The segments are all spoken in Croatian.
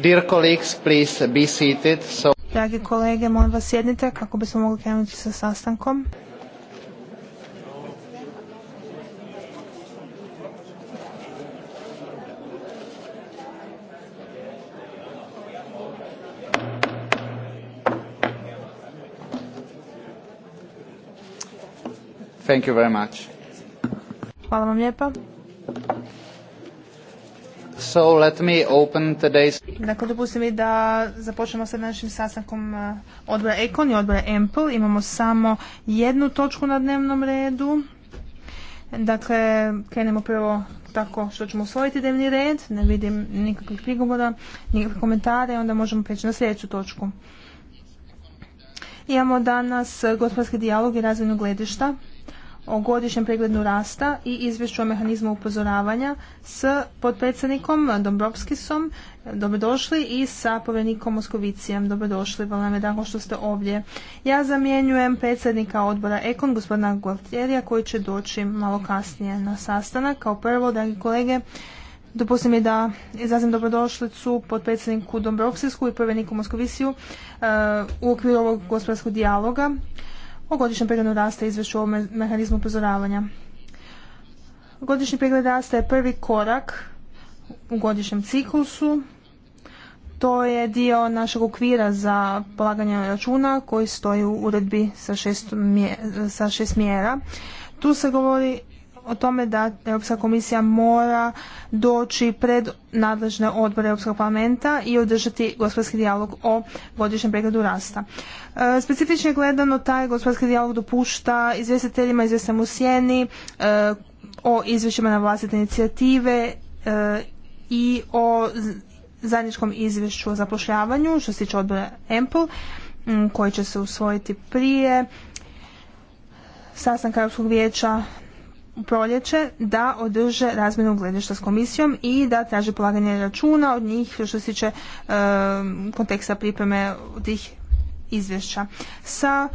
Dear colleagues, please be seated. So... Dragi kolege, molim vas sjednite kako bismo mogli krenuti sa sastankom. Thank you very much. Hvala vam lijepa. So let me open today's... Dakle, dopustite mi da započnemo sa našim sastankom uh, odbora Ekon i odbora Empl. Imamo samo jednu točku na dnevnom redu. Dakle, krenemo prvo tako što ćemo usvojiti dnevni red. Ne vidim nikakvih prigovora, nikakvih komentara onda možemo preći na sljedeću točku. Imamo danas gospodarski dijalog i razvojno gledišta o godišnjem pregledu rasta i izvješću o mehanizmu upozoravanja s potpredsjednikom Dombrovskisom. Dobrodošli i sa povjerenikom Moskovicijem. Dobrodošli, vam je drago što ste ovdje. Ja zamjenjujem predsjednika odbora Ekon, gospodina Gualtjerija, koji će doći malo kasnije na sastanak. Kao prvo, dragi kolege, Dopustim mi da izrazim dobrodošlicu potpredsjedniku Dombrovskisku i povjereniku Moskovisiju eh, u okviru ovog gospodarskog dijaloga o godišnjem pregledu rasta izvješću o mehanizmu upozoravanja. Godišnji pregled rasta je prvi korak u godišnjem ciklusu. To je dio našeg okvira za polaganje računa koji stoji u uredbi sa šest, sa šest mjera. Tu se govori o tome da Europska komisija mora doći pred nadležne odbore Europskog parlamenta i održati gospodarski dijalog o godišnjem pregledu rasta. E, specifično gledano taj gospodarski dijalog dopušta izvjestiteljima izvjestam u sjeni e, o izvješćima na vlastite inicijative e, i o zajedničkom izvješću o zapošljavanju što se tiče odbora EMPL koji će se usvojiti prije sastanka Europskog vijeća proljeće da održe razmjenu gledišta s komisijom i da traže polaganje računa od njih što se tiče konteksta pripreme tih izvješća. Sa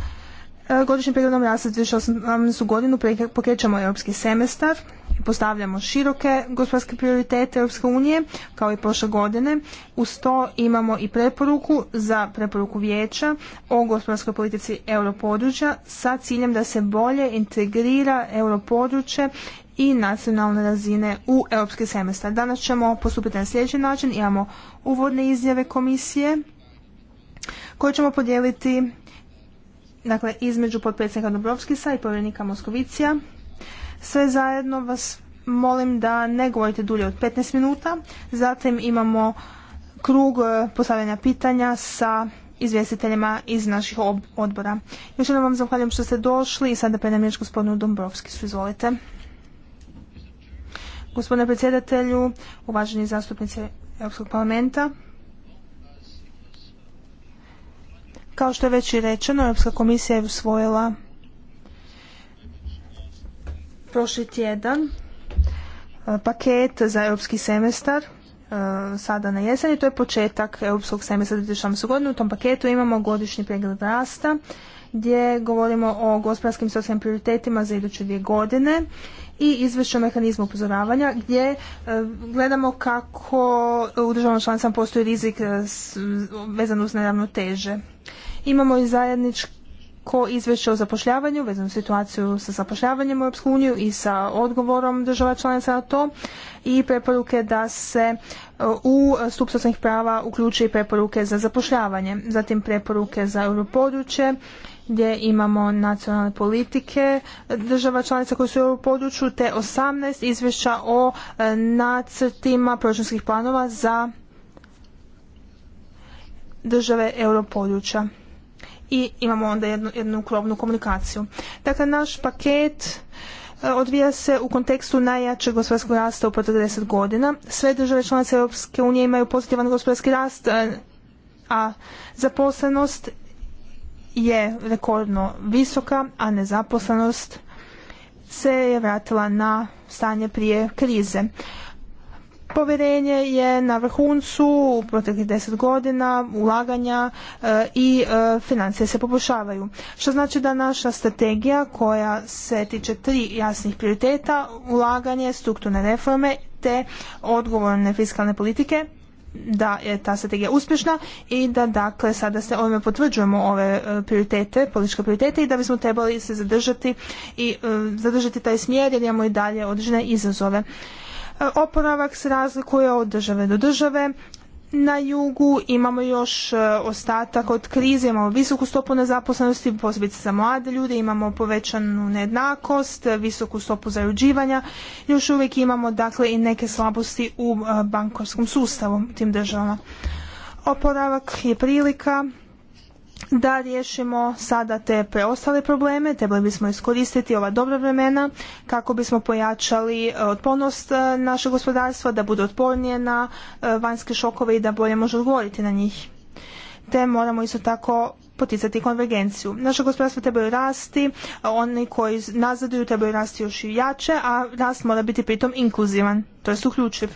e, godišnjim pregledom rasta 2018. godinu pokrećemo europski semestar postavljamo široke gospodarske prioritete Europske unije, kao i prošle godine. Uz to imamo i preporuku za preporuku vijeća o gospodarskoj politici europodručja sa ciljem da se bolje integrira europodručje i nacionalne razine u europski semestar. Danas ćemo postupiti na sljedeći način. Imamo uvodne izjave komisije koje ćemo podijeliti dakle, između potpredsjednika Dobrovskisa i povjerenika Moskovicija sve zajedno vas molim da ne govorite dulje od 15 minuta. Zatim imamo krug e, postavljanja pitanja sa izvjestiteljima iz naših odbora. Još jednom vam zahvaljujem što ste došli i sada predam riječ gospodinu Dombrovskisu. Izvolite. Gospodine predsjedatelju, uvaženi zastupnici Europskog parlamenta, kao što je već i rečeno, Europska komisija je usvojila prošli tjedan e, paket za europski semestar e, sada na jesen i to je početak europskog semestra 2018. godinu U tom paketu imamo godišnji pregled rasta gdje govorimo o gospodarskim socijalnim prioritetima za iduće dvije godine i izvješće o mehanizmu upozoravanja gdje e, gledamo kako u državnom članicama postoji rizik vezan uz neravnoteže. Imamo i zajednički ko izvješće o zapošljavanju, vezano situaciju sa zapošljavanjem u EU i sa odgovorom država članica na to i preporuke da se e, u stup prava uključe i preporuke za zapošljavanje, zatim preporuke za europodručje gdje imamo nacionalne politike država članica koje su u području te 18 izvješća o e, nacrtima proračunskih planova za države europodručja i imamo onda jednu, jednu krovnu komunikaciju. Dakle, naš paket e, odvija se u kontekstu najjačeg gospodarskog rasta u proteklih 10 godina. Sve države članice Europske unije imaju pozitivan gospodarski rast, e, a zaposlenost je rekordno visoka, a nezaposlenost se je vratila na stanje prije krize. Povjerenje je na vrhuncu u proteklih deset godina, ulaganja e, i e, financije se poboljšavaju. Što znači da naša strategija koja se tiče tri jasnih prioriteta, ulaganje, strukturne reforme te odgovorne fiskalne politike, da je ta strategija uspješna i da dakle sada se ovime potvrđujemo ove e, prioritete, političke prioritete i da bismo trebali se zadržati i zadržati taj smjer jer imamo i dalje određene izazove. E, oporavak se razlikuje od države do države. Na jugu imamo još e, ostatak od krize, imamo visoku stopu nezaposlenosti, posebice za mlade ljude, imamo povećanu nejednakost, e, visoku stopu zajuđivanja, Još uvijek imamo dakle i neke slabosti u bankarskom sustavu tim državama. Oporavak je prilika da riješimo sada te preostale probleme, trebali bismo iskoristiti ova dobra vremena kako bismo pojačali e, otpornost e, našeg gospodarstva, da bude otpornije na e, vanjske šokove i da bolje može odgovoriti na njih. Te moramo isto tako poticati konvergenciju. Naše gospodarstvo trebaju rasti, oni koji nazaduju trebaju rasti još i jače, a rast mora biti pritom inkluzivan, to je uključiv.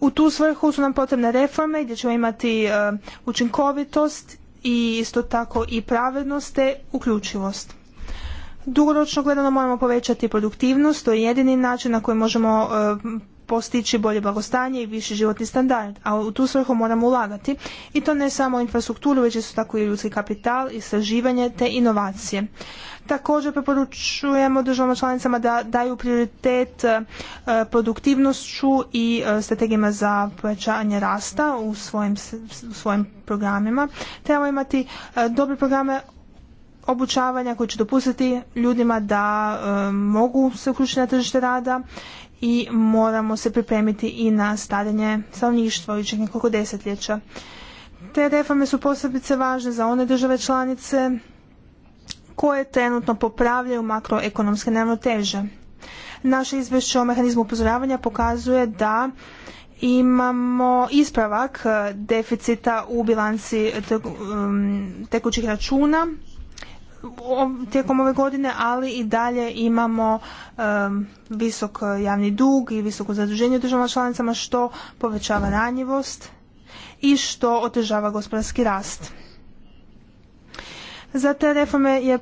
U tu svrhu su nam potrebne reforme gdje ćemo imati učinkovitost i isto tako i pravednost te uključivost. Dugoročno gledano moramo povećati produktivnost, to je jedini način na koji možemo e, postići bolje blagostanje i viši životni standard, a u tu svrhu moramo ulagati i to ne samo infrastrukturu, već isto tako i ljudski kapital, istraživanje te inovacije. Također preporučujemo državama članicama da daju prioritet e, produktivnošću i e, strategijama za povećanje rasta u svojim, u svojim programima. Trebamo imati e, dobre programe obučavanja koji će dopustiti ljudima da mogu se uključiti na tržište rada i moramo se pripremiti i na starenje stanovništva u nekoliko desetljeća. Te reforme su posebice važne za one države članice koje trenutno popravljaju makroekonomske nevnoteže. Naše izvješće o mehanizmu upozoravanja pokazuje da imamo ispravak deficita u bilanci um, tekućih računa tijekom ove godine, ali i dalje imamo visok javni dug i visoko zaduženje državama članicama što povećava ranjivost i što otežava gospodarski rast. Za te reforme je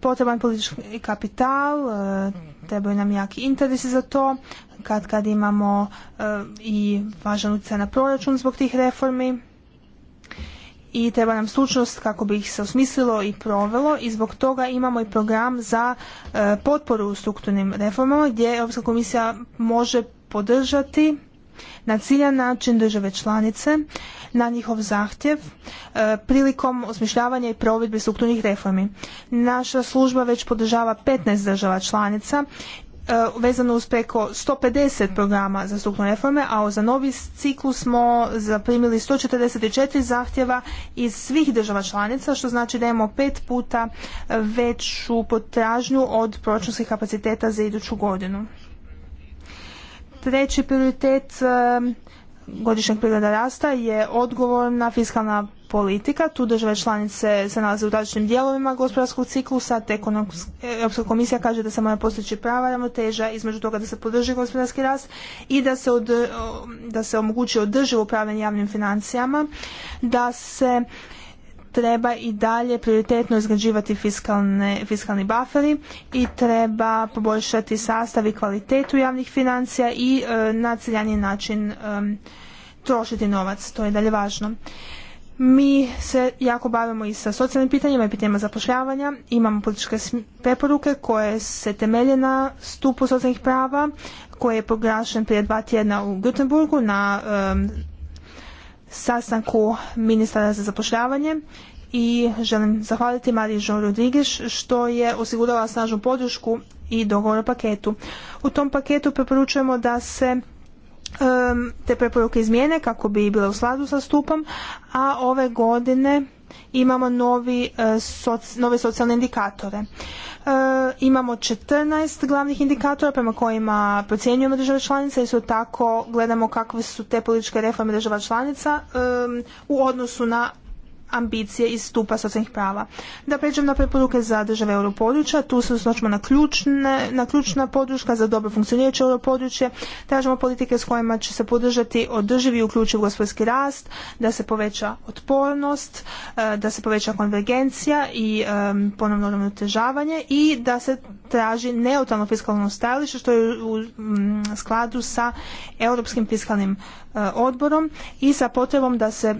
potreban politički kapital, e, trebaju nam jaki interesi za to, kad kad imamo e, i važan utjecaj na proračun zbog tih reformi i treba nam stručnost kako bi ih se osmislilo i provelo i zbog toga imamo i program za e, potporu u strukturnim reformama gdje Europska komisija može podržati na ciljan način države članice na njihov zahtjev e, prilikom osmišljavanja i provedbe strukturnih reformi. Naša služba već podržava 15 država članica E, vezano uz preko 150 programa za strukturne reforme, a za novi ciklus smo zaprimili 144 zahtjeva iz svih država članica, što znači da imamo pet puta veću potražnju od proračunskih kapaciteta za iduću godinu. Treći prioritet e, godišnjeg pregleda rasta je odgovor na fiskalna politika. Tu države članice se nalaze u različitim dijelovima gospodarskog ciklusa, te Europska komisija kaže da se mora postići prava ravnoteža između toga da se podrži gospodarski rast i da se, od, omogući održivo upravljanje javnim financijama, da se treba i dalje prioritetno izgrađivati fiskalne, fiskalni baferi i treba poboljšati sastav i kvalitetu javnih financija i e, na ciljaniji način e, trošiti novac. To je dalje važno. Mi se jako bavimo i sa socijalnim pitanjima i pitanjima zapošljavanja. Imamo političke preporuke koje se temelje na stupu socijalnih prava koji je proglašen prije dva tjedna u Gutenburgu na sastanku ministara za zapošljavanje i želim zahvaliti Mariji Žon Rodriguez što je osigurala snažnu podršku i dogovor o paketu. U tom paketu preporučujemo da se te preporuke izmijene kako bi bile u sladu sa stupom, a ove godine imamo novi, e, nove socijalne indikatore. E, imamo 14 glavnih indikatora prema kojima procjenjujemo države članice, su tako gledamo kakve su te političke reforme država članica u odnosu na ambicije i stupa socijalnih prava. Da pređem na preporuke za države europodručja, tu se usnoćemo na, ključna podrška za dobro funkcionirajuće europodručje, tražimo politike s kojima će se podržati održivi i uključiv gospodarski rast, da se poveća otpornost, e, da se poveća konvergencija i e, ponovno ravnotežavanje i da se traži neutralno fiskalno stajalište što je u skladu sa Europskim fiskalnim e, odborom i sa potrebom da se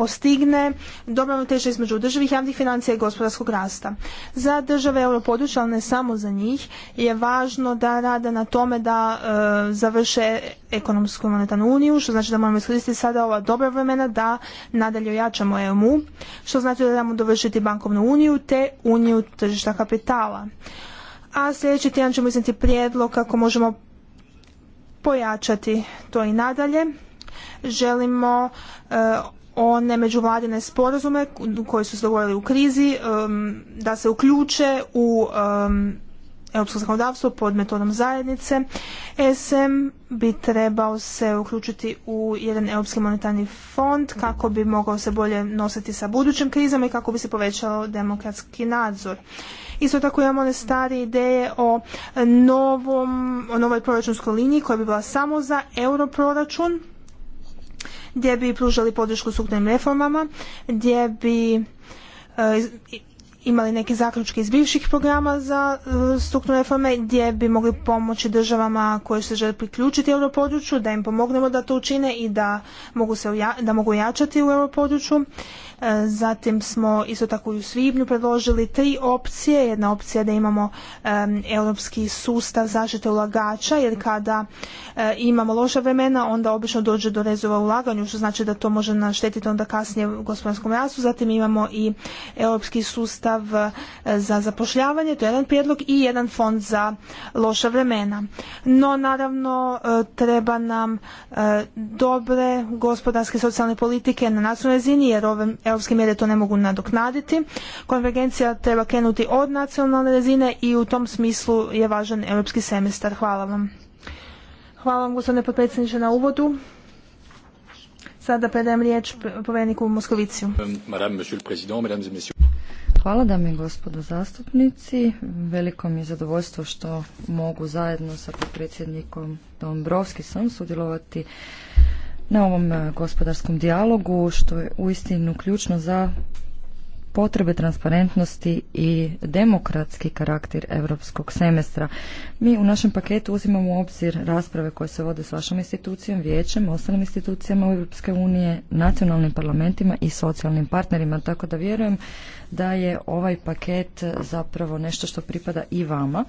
postigne dobra teža između državih javnih financija i gospodarskog rasta. Za države europodručja, ali ne samo za njih, je važno da rade na tome da e, završe ekonomsku monetarnu uniju, što znači da moramo iskoristiti sada ova dobra vremena da nadalje ojačamo EMU, što znači da trebamo dovršiti bankovnu uniju te uniju tržišta kapitala. A sljedeći tjedan ćemo iznijeti prijedlog kako možemo pojačati to i nadalje. Želimo e, one međuvladine sporazume koji su se dogovorili u krizi da se uključe u europsko zakonodavstvo pod metodom zajednice. E SM bi trebao se uključiti u jedan europski monetarni fond kako bi mogao se bolje nositi sa budućim krizama i kako bi se povećao demokratski nadzor. Isto tako imamo one stare ideje o, novom, o novoj proračunskoj liniji koja bi bila samo za europroračun gdje bi pružali podršku strukturnim reformama, gdje bi e, imali neke zaključke iz bivših programa za e, strukturne reforme gdje bi mogli pomoći državama koje se žele priključiti europodručju, da im pomognemo da to učine i da mogu, se da mogu jačati u europodručju. E, zatim smo isto tako i u svibnju predložili tri opcije. Jedna opcija je da imamo europski sustav zaštite ulagača jer kada e, imamo loša vremena onda obično dođe do rezova ulaganju što znači da to može naštetiti onda kasnije u gospodarskom rastu. Zatim imamo i europski sustav e, za zapošljavanje, to je jedan prijedlog i jedan fond za loša vremena. No naravno treba nam dobre gospodarske socijalne politike na nacionalnoj razini jer ove europske mjere to ne mogu nadoknaditi. Konvergencija treba krenuti od nacionalne razine i u tom smislu je važan europski semestar. Hvala vam. Hvala vam gospodine potpredsjedniče na uvodu. Sada predajem riječ povjereniku Moskoviciju. Hvala dame i gospodo zastupnici. Veliko mi je zadovoljstvo što mogu zajedno sa potpredsjednikom Dombrovskisom sudjelovati na ovom e, gospodarskom dijalogu što je uistinu ključno za potrebe transparentnosti i demokratski karakter europskog semestra. Mi u našem paketu uzimamo u obzir rasprave koje se vode s vašom institucijom, vijećem, ostalim institucijama Europske unije, nacionalnim parlamentima i socijalnim partnerima, tako da vjerujem da je ovaj paket zapravo nešto što pripada i vama.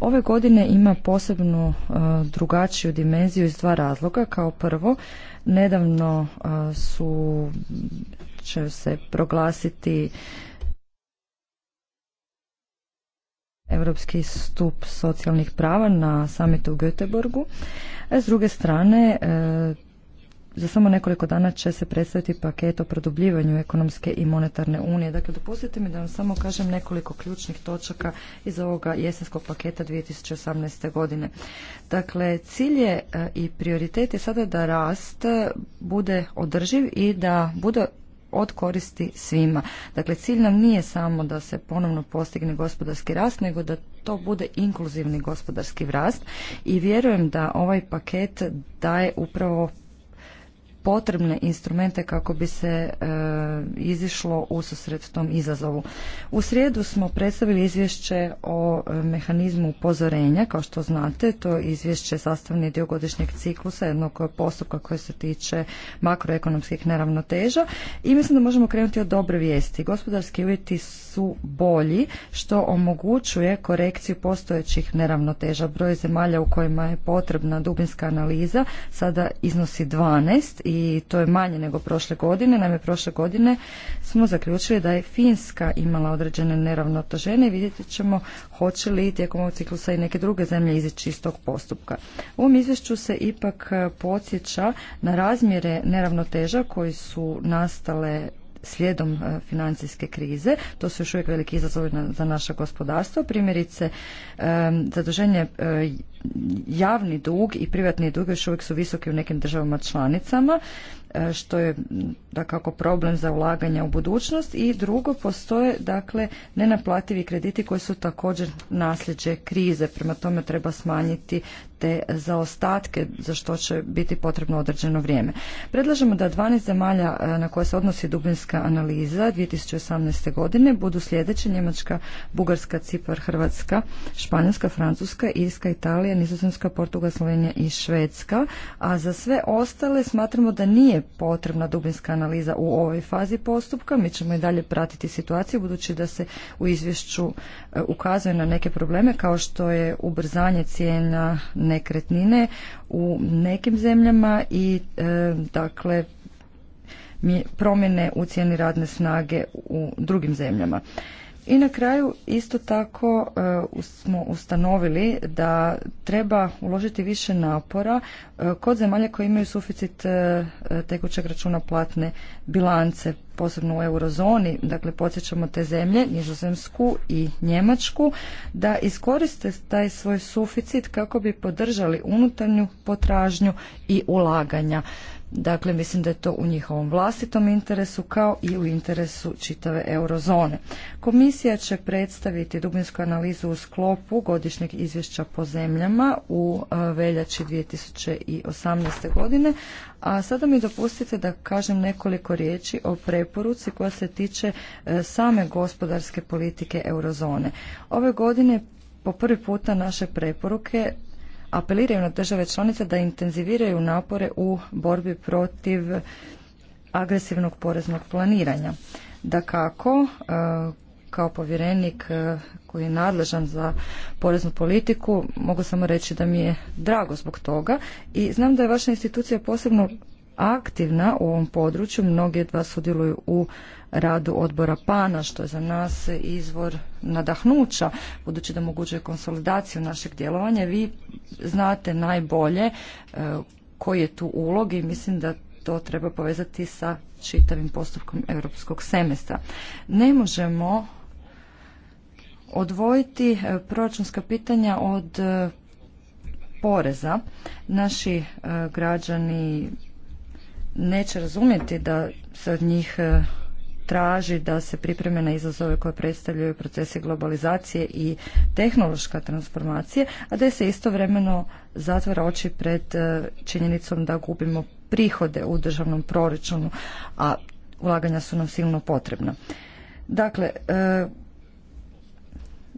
Ove godine ima posebnu e, drugačiju dimenziju iz dva razloga. Kao prvo, nedavno e, su će se proglasiti Europski stup socijalnih prava na samitu u Göteborgu. A s druge strane, e, za samo nekoliko dana će se predstaviti paket o produbljivanju ekonomske i monetarne unije. Dakle, dopustite mi da vam samo kažem nekoliko ključnih točaka iz ovoga jesenskog paketa 2018. godine. Dakle, cilj je e, i prioritet je sada da rast bude održiv i da bude od koristi svima. Dakle, cilj nam nije samo da se ponovno postigne gospodarski rast, nego da to bude inkluzivni gospodarski rast i vjerujem da ovaj paket daje upravo potrebne instrumente kako bi se e, izišlo susret tom izazovu. U srijedu smo predstavili izvješće o e, mehanizmu upozorenja, kao što znate, to izvješće je sastavni dio godišnjeg ciklusa, jednog postupka koje se tiče makroekonomskih neravnoteža i mislim da možemo krenuti od dobre vijesti. Gospodarski uvjeti su bolji, što omogućuje korekciju postojećih neravnoteža. Broj zemalja u kojima je potrebna dubinska analiza sada iznosi 12 i i to je manje nego prošle godine. Naime, prošle godine smo zaključili da je Finska imala određene neravnotežene i vidjet ćemo hoće li tijekom ovog ciklusa i neke druge zemlje izići iz tog postupka. U ovom izvješću se ipak e, podsjeća na razmjere neravnoteža koji su nastale slijedom e, financijske krize. To su još uvijek veliki izazovi za naše gospodarstvo. Primjerice, e, zaduženje javni dug i privatni dug još uvijek su visoki u nekim državama članicama, e, što je dakako problem za ulaganja u budućnost i drugo postoje dakle nenaplativi krediti koji su također nasljeđe krize, prema tome treba smanjiti te zaostatke za što će biti potrebno određeno vrijeme. Predlažemo da 12 zemalja e, na koje se odnosi dubinska analiza 2018. godine budu sljedeće Njemačka, Bugarska, Cipar, Hrvatska, Španjolska, Francuska, Irska, Italija, Nizozemska, Portugal, Slovenija i Švedska, a za sve ostale smatramo da nije potrebna dubinska analiza u ovoj fazi postupka. Mi ćemo i dalje pratiti situaciju budući da se u izvješću e, ukazuje na neke probleme kao što je ubrzanje cijena nekretnine u nekim zemljama i e, dakle promjene u cijeni radne snage u drugim zemljama. I na kraju isto tako e, smo ustanovili da treba uložiti više napora e, kod zemalja koje imaju suficit e, tekućeg računa platne bilance, posebno u eurozoni, dakle podsjećamo te zemlje, Nizozemsku i Njemačku, da iskoriste taj svoj suficit kako bi podržali unutarnju potražnju i ulaganja. Dakle, mislim da je to u njihovom vlastitom interesu kao i u interesu čitave eurozone. Komisija će predstaviti dubinsku analizu u sklopu godišnjeg izvješća po zemljama u e, veljači 2018. godine, a sada mi dopustite da kažem nekoliko riječi o preporuci koja se tiče e, same gospodarske politike eurozone. Ove godine po prvi puta naše preporuke apeliraju na države članice da intenziviraju napore u borbi protiv agresivnog poreznog planiranja. Da kako, e, kao povjerenik e, koji je nadležan za poreznu politiku, mogu samo reći da mi je drago zbog toga i znam da je vaša institucija posebno aktivna u ovom području. Mnogi od vas sudjeluju u radu odbora PANA, što je za nas izvor nadahnuća, budući da omogućuje konsolidaciju našeg djelovanja. Vi znate najbolje e, koji je tu ulog i mislim da to treba povezati sa čitavim postupkom europskog semestra. Ne možemo odvojiti e, proračunska pitanja od e, poreza. Naši građani neće razumjeti da se od njih e, traži da se pripreme na izazove koje predstavljaju procesi globalizacije i tehnološka transformacije, a da se istovremeno zatvara oči pred e, činjenicom da gubimo prihode u državnom proračunu, a ulaganja su nam silno potrebna. Dakle, e,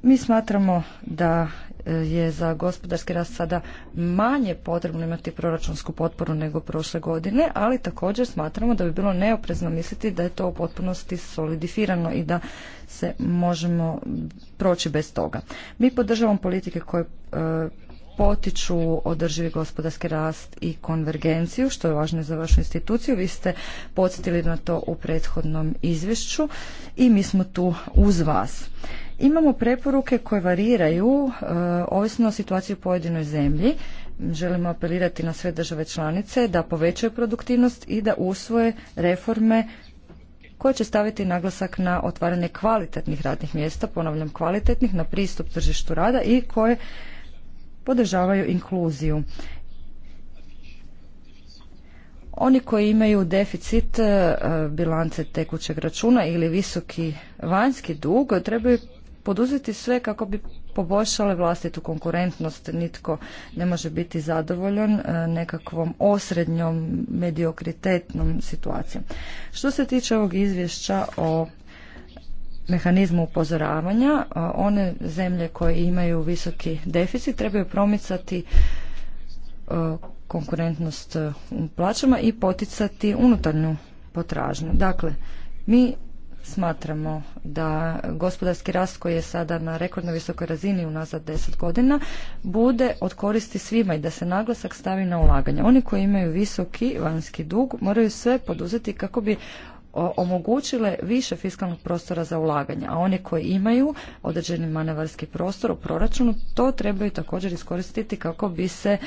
mi smatramo da je za gospodarski rast sada manje potrebno imati proračunsku potporu nego prošle godine, ali također smatramo da bi bilo neoprezno misliti da je to u potpunosti solidifirano i da se možemo proći bez toga. Mi podržavamo politike koje e, potiču održivi gospodarski rast i konvergenciju, što je važno za vašu instituciju. Vi ste podsjetili na to u prethodnom izvješću i mi smo tu uz vas. Imamo preporuke koje variraju e, ovisno o situaciji u pojedinoj zemlji. Želimo apelirati na sve države članice da povećaju produktivnost i da usvoje reforme koje će staviti naglasak na otvaranje kvalitetnih radnih mjesta, ponavljam kvalitetnih, na pristup tržištu rada i koje podržavaju inkluziju. Oni koji imaju deficit e, bilance tekućeg računa ili visoki vanjski dug trebaju poduzeti sve kako bi poboljšale vlastitu konkurentnost. Nitko ne može biti zadovoljan e, nekakvom osrednjom mediokritetnom situacijom. Što se tiče ovog izvješća o mehanizmu upozoravanja, e, one zemlje koje imaju visoki deficit trebaju promicati e, konkurentnost u plaćama i poticati unutarnju potražnju. Dakle, mi smatramo da gospodarski rast koji je sada na rekordno visokoj razini unazad deset godina bude od koristi svima i da se naglasak stavi na ulaganja. Oni koji imaju visoki vanjski dug moraju sve poduzeti kako bi omogućile više fiskalnog prostora za ulaganja, a oni koji imaju određeni manevarski prostor u proračunu, to trebaju također iskoristiti kako bi se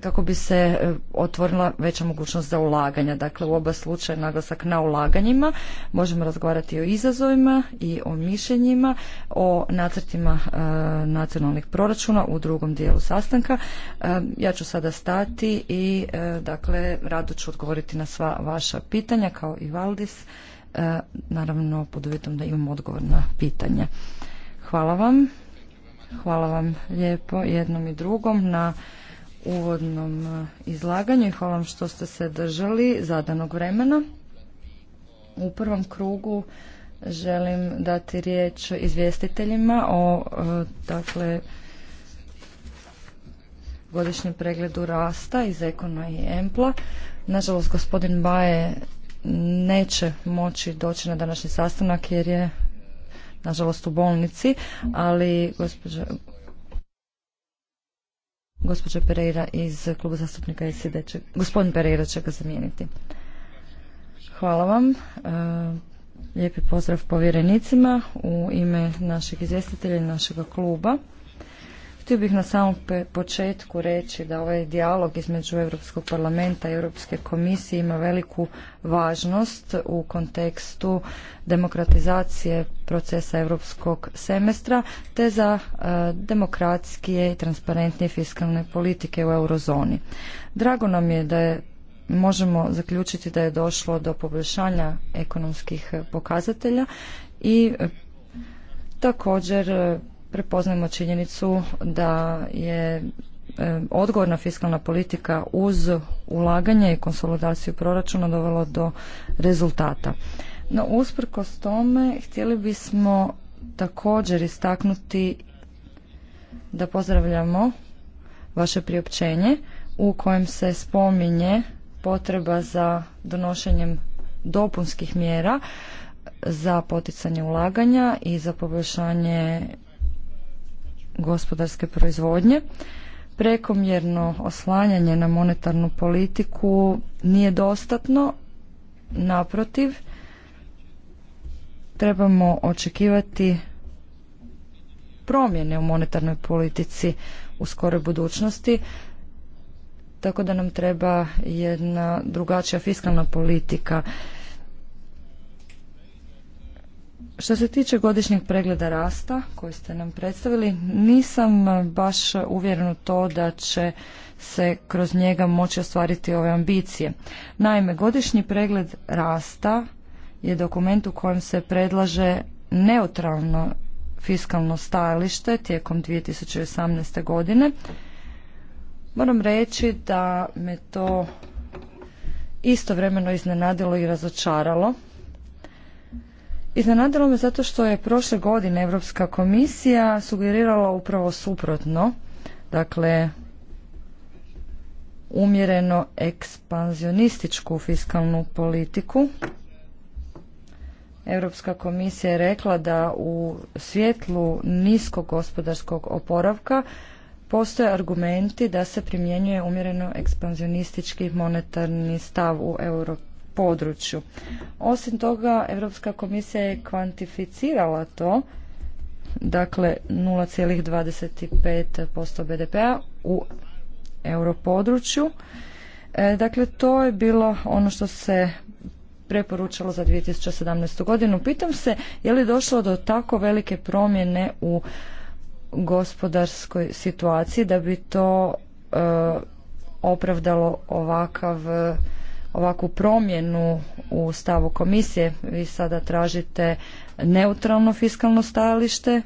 kako bi se e, otvorila veća mogućnost za ulaganja. Dakle, u oba slučaja naglasak na ulaganjima. Možemo razgovarati o izazovima i o mišljenjima, o nacrtima e, nacionalnih proračuna u drugom dijelu sastanka. E, ja ću sada stati i dakle, rado ću odgovoriti na sva vaša pitanja kao i Valdis, naravno pod uvjetom da imam odgovor na pitanje. Hvala vam. Hvala vam lijepo jednom i drugom na uvodnom e, izlaganju i hvala vam što ste se držali zadanog vremena. U prvom krugu želim dati riječ izvjestiteljima o e, dakle godišnjem pregledu rasta iz Ekona i Empla. Nažalost, gospodin Baje neće moći doći na današnji sastanak jer je nažalost u bolnici, ali gospođa Gospođa Pereira iz kluba zastupnika SED će, gospodin Pereira će ga zamijeniti. Hvala vam. E, lijepi pozdrav povjerenicima u ime našeg izvjestitelja i našega kluba. Htio bih na samom početku reći da ovaj dijalog između Europskog parlamenta i Europske komisije ima veliku važnost u kontekstu demokratizacije procesa europskog semestra te za e, demokratskije i transparentnije fiskalne politike u eurozoni. Drago nam je da je možemo zaključiti da je došlo do poboljšanja ekonomskih pokazatelja i e, također e, prepoznajemo činjenicu da je e, odgovorna fiskalna politika uz ulaganje i konsolidaciju proračuna dovela do rezultata. No, usprkos tome, htjeli bismo također istaknuti da pozdravljamo vaše priopćenje u kojem se spominje potreba za donošenjem dopunskih mjera za poticanje ulaganja i za poboljšanje gospodarske proizvodnje. Prekomjerno oslanjanje na monetarnu politiku nije dostatno, naprotiv, trebamo očekivati promjene u monetarnoj politici u skoroj budućnosti, tako da nam treba jedna drugačija fiskalna politika što se tiče godišnjeg pregleda rasta koji ste nam predstavili, nisam baš uvjeren u to da će se kroz njega moći ostvariti ove ambicije. Naime, godišnji pregled rasta je dokument u kojem se predlaže neutralno fiskalno stajalište tijekom 2018. godine. Moram reći da me to istovremeno iznenadilo i razočaralo Iznenadilo me zato što je prošle godine Europska komisija sugerirala upravo suprotno, dakle umjereno ekspanzionističku fiskalnu politiku. Europska komisija je rekla da u svjetlu niskog gospodarskog oporavka postoje argumenti da se primjenjuje umjereno ekspanzionistički monetarni stav u euro području. Osim toga, Europska komisija je kvantificirala to, dakle 0,25% BDP-a u europodručju. E, dakle, to je bilo ono što se preporučalo za 2017. godinu. Pitam se je li došlo do tako velike promjene u gospodarskoj situaciji da bi to e, opravdalo ovakav ovakvu promjenu u stavu komisije. Vi sada tražite neutralno fiskalno stajalište,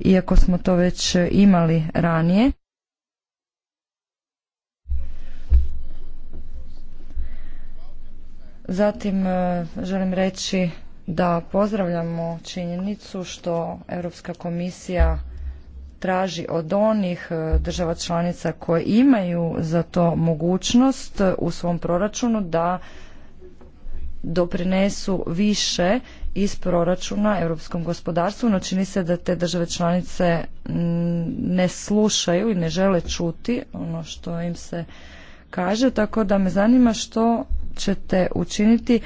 iako smo to već imali ranije. Zatim e, želim reći da pozdravljamo činjenicu što Europska komisija traži od onih e, država članica koje imaju za to mogućnost e, u svom proračunu da doprinesu više iz proračuna europskom gospodarstvu, no čini se da te države članice ne slušaju i ne žele čuti ono što im se kaže, tako da me zanima što ćete učiniti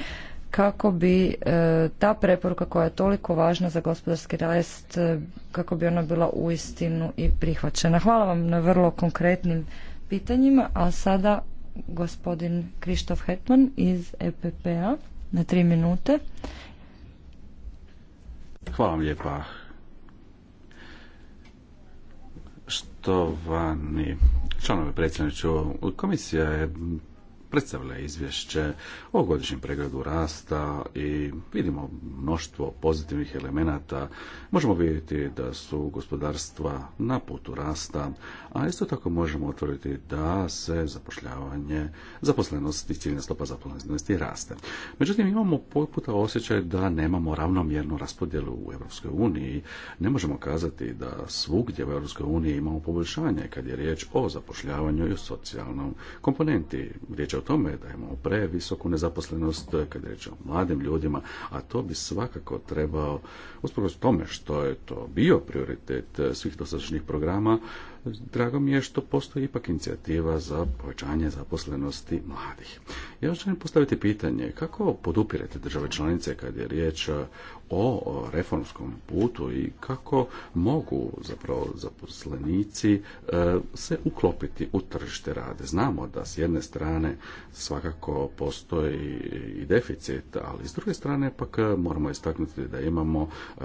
kako bi e, ta preporuka koja je toliko važna za gospodarski rast, e, kako bi ona bila uistinu i prihvaćena. Hvala vam na vrlo konkretnim pitanjima, a sada gospodin Krištof Hetman iz EPP-a na tri minute. Hvala vam lijepa. Štovani članovi komisija predstavlja izvješće o godišnjem pregledu rasta i vidimo mnoštvo pozitivnih elemenata. Možemo vidjeti da su gospodarstva na putu rasta, a isto tako možemo otvoriti da se zapošljavanje, zaposlenost i ciljna stopa zaposlenosti raste. Međutim, imamo poputa osjećaj da nemamo ravnomjernu raspodjelu u Europskoj uniji. Ne možemo kazati da svugdje u Europskoj uniji imamo poboljšanje kad je riječ o zapošljavanju i o socijalnom komponenti. Riječ je o tome da imamo previsoku nezaposlenost kad je riječ o mladim ljudima, a to bi svakako trebao, usprkos tome što je to bio prioritet svih dosadašnjih programa, Drago mi je što postoji ipak inicijativa za povećanje zaposlenosti mladih. Ja želim postaviti pitanje kako podupirete države članice kad je riječ o reformskom putu i kako mogu zapravo zaposlenici e, se uklopiti u tržište rade. Znamo da s jedne strane svakako postoji i deficit, ali s druge strane pak moramo istaknuti da imamo e,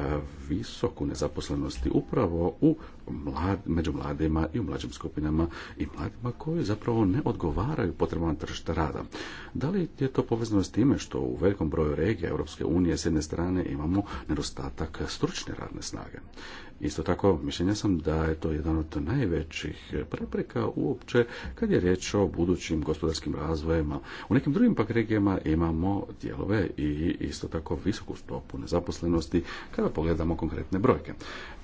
visoku nezaposlenosti upravo u mlad, među mladima i u mlađim skupinama i mladima koji zapravo ne odgovaraju potrebama tržišta rada. Da li je to povezano s time što u velikom broju regija Europske unije s jedne strane imamo imamo nedostatak stručne radne snage. Isto tako, mišljenja sam da je to jedan od najvećih prepreka uopće kad je riječ o budućim gospodarskim razvojima. U nekim drugim pak regijama imamo dijelove i isto tako visoku stopu nezaposlenosti kada pogledamo konkretne brojke.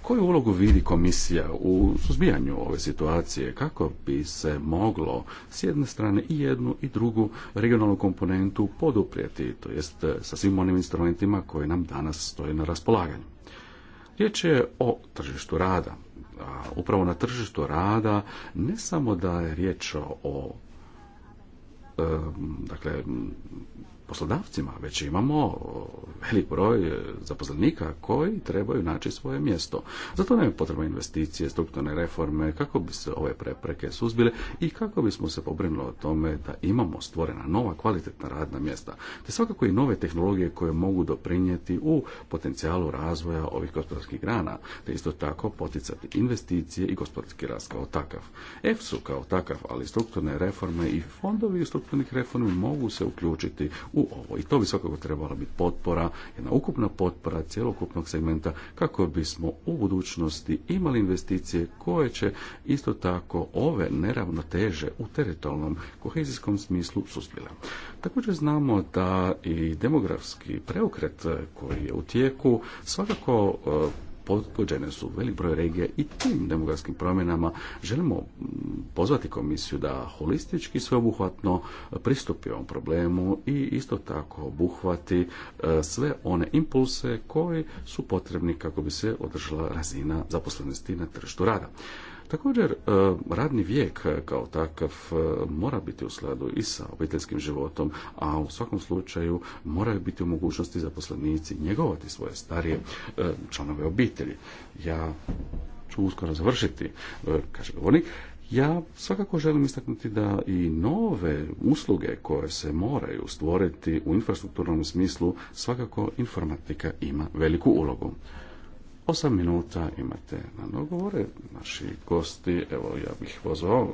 Koju ulogu vidi komisija u suzbijanju ove situacije? Kako bi se moglo s jedne strane i jednu i drugu regionalnu komponentu poduprijeti, to jest sa svim onim instrumentima koji nam danas stoje na raspolaganju? Riječ je o tržištu rada. A upravo na tržištu rada ne samo da je riječ o dakle poslodavcima, već imamo velik broj e, zaposlenika koji trebaju naći svoje mjesto. Zato nam je potreba investicije, strukturne reforme, kako bi se ove prepreke suzbile i kako bismo se pobrinuli o tome da imamo stvorena nova kvalitetna radna mjesta, te svakako i nove tehnologije koje mogu doprinijeti u potencijalu razvoja ovih gospodarskih grana, te isto tako poticati investicije i gospodarski rast kao takav. EFSU kao takav, ali strukturne reforme i fondovi strukturnih reformi mogu se uključiti u ovo. I to bi svakako trebala biti potpora, jedna ukupna potpora cjelokupnog segmenta kako bismo u budućnosti imali investicije koje će isto tako ove neravnoteže u teritorijalnom kohezijskom smislu suzbile. Također znamo da i demografski preokret koji je u tijeku svakako pogođene su velik broj regija i tim demografskim promjenama želimo mm, pozvati komisiju da holistički sveobuhvatno pristupi ovom problemu i isto tako obuhvati e, sve one impulse koji su potrebni kako bi se održala razina zaposlenosti na tržištu rada. Također, e, radni vijek e, kao takav e, mora biti u skladu i sa obiteljskim životom, a u svakom slučaju moraju biti u mogućnosti zaposlenici njegovati svoje starije članove obitelji. Ja ću uskoro završiti, kaže govornik, ja svakako želim istaknuti da i nove usluge koje se moraju stvoriti u infrastrukturnom smislu, svakako informatika ima veliku ulogu. Osam minuta imate na dogovore, naši gosti, evo ja bih pozvao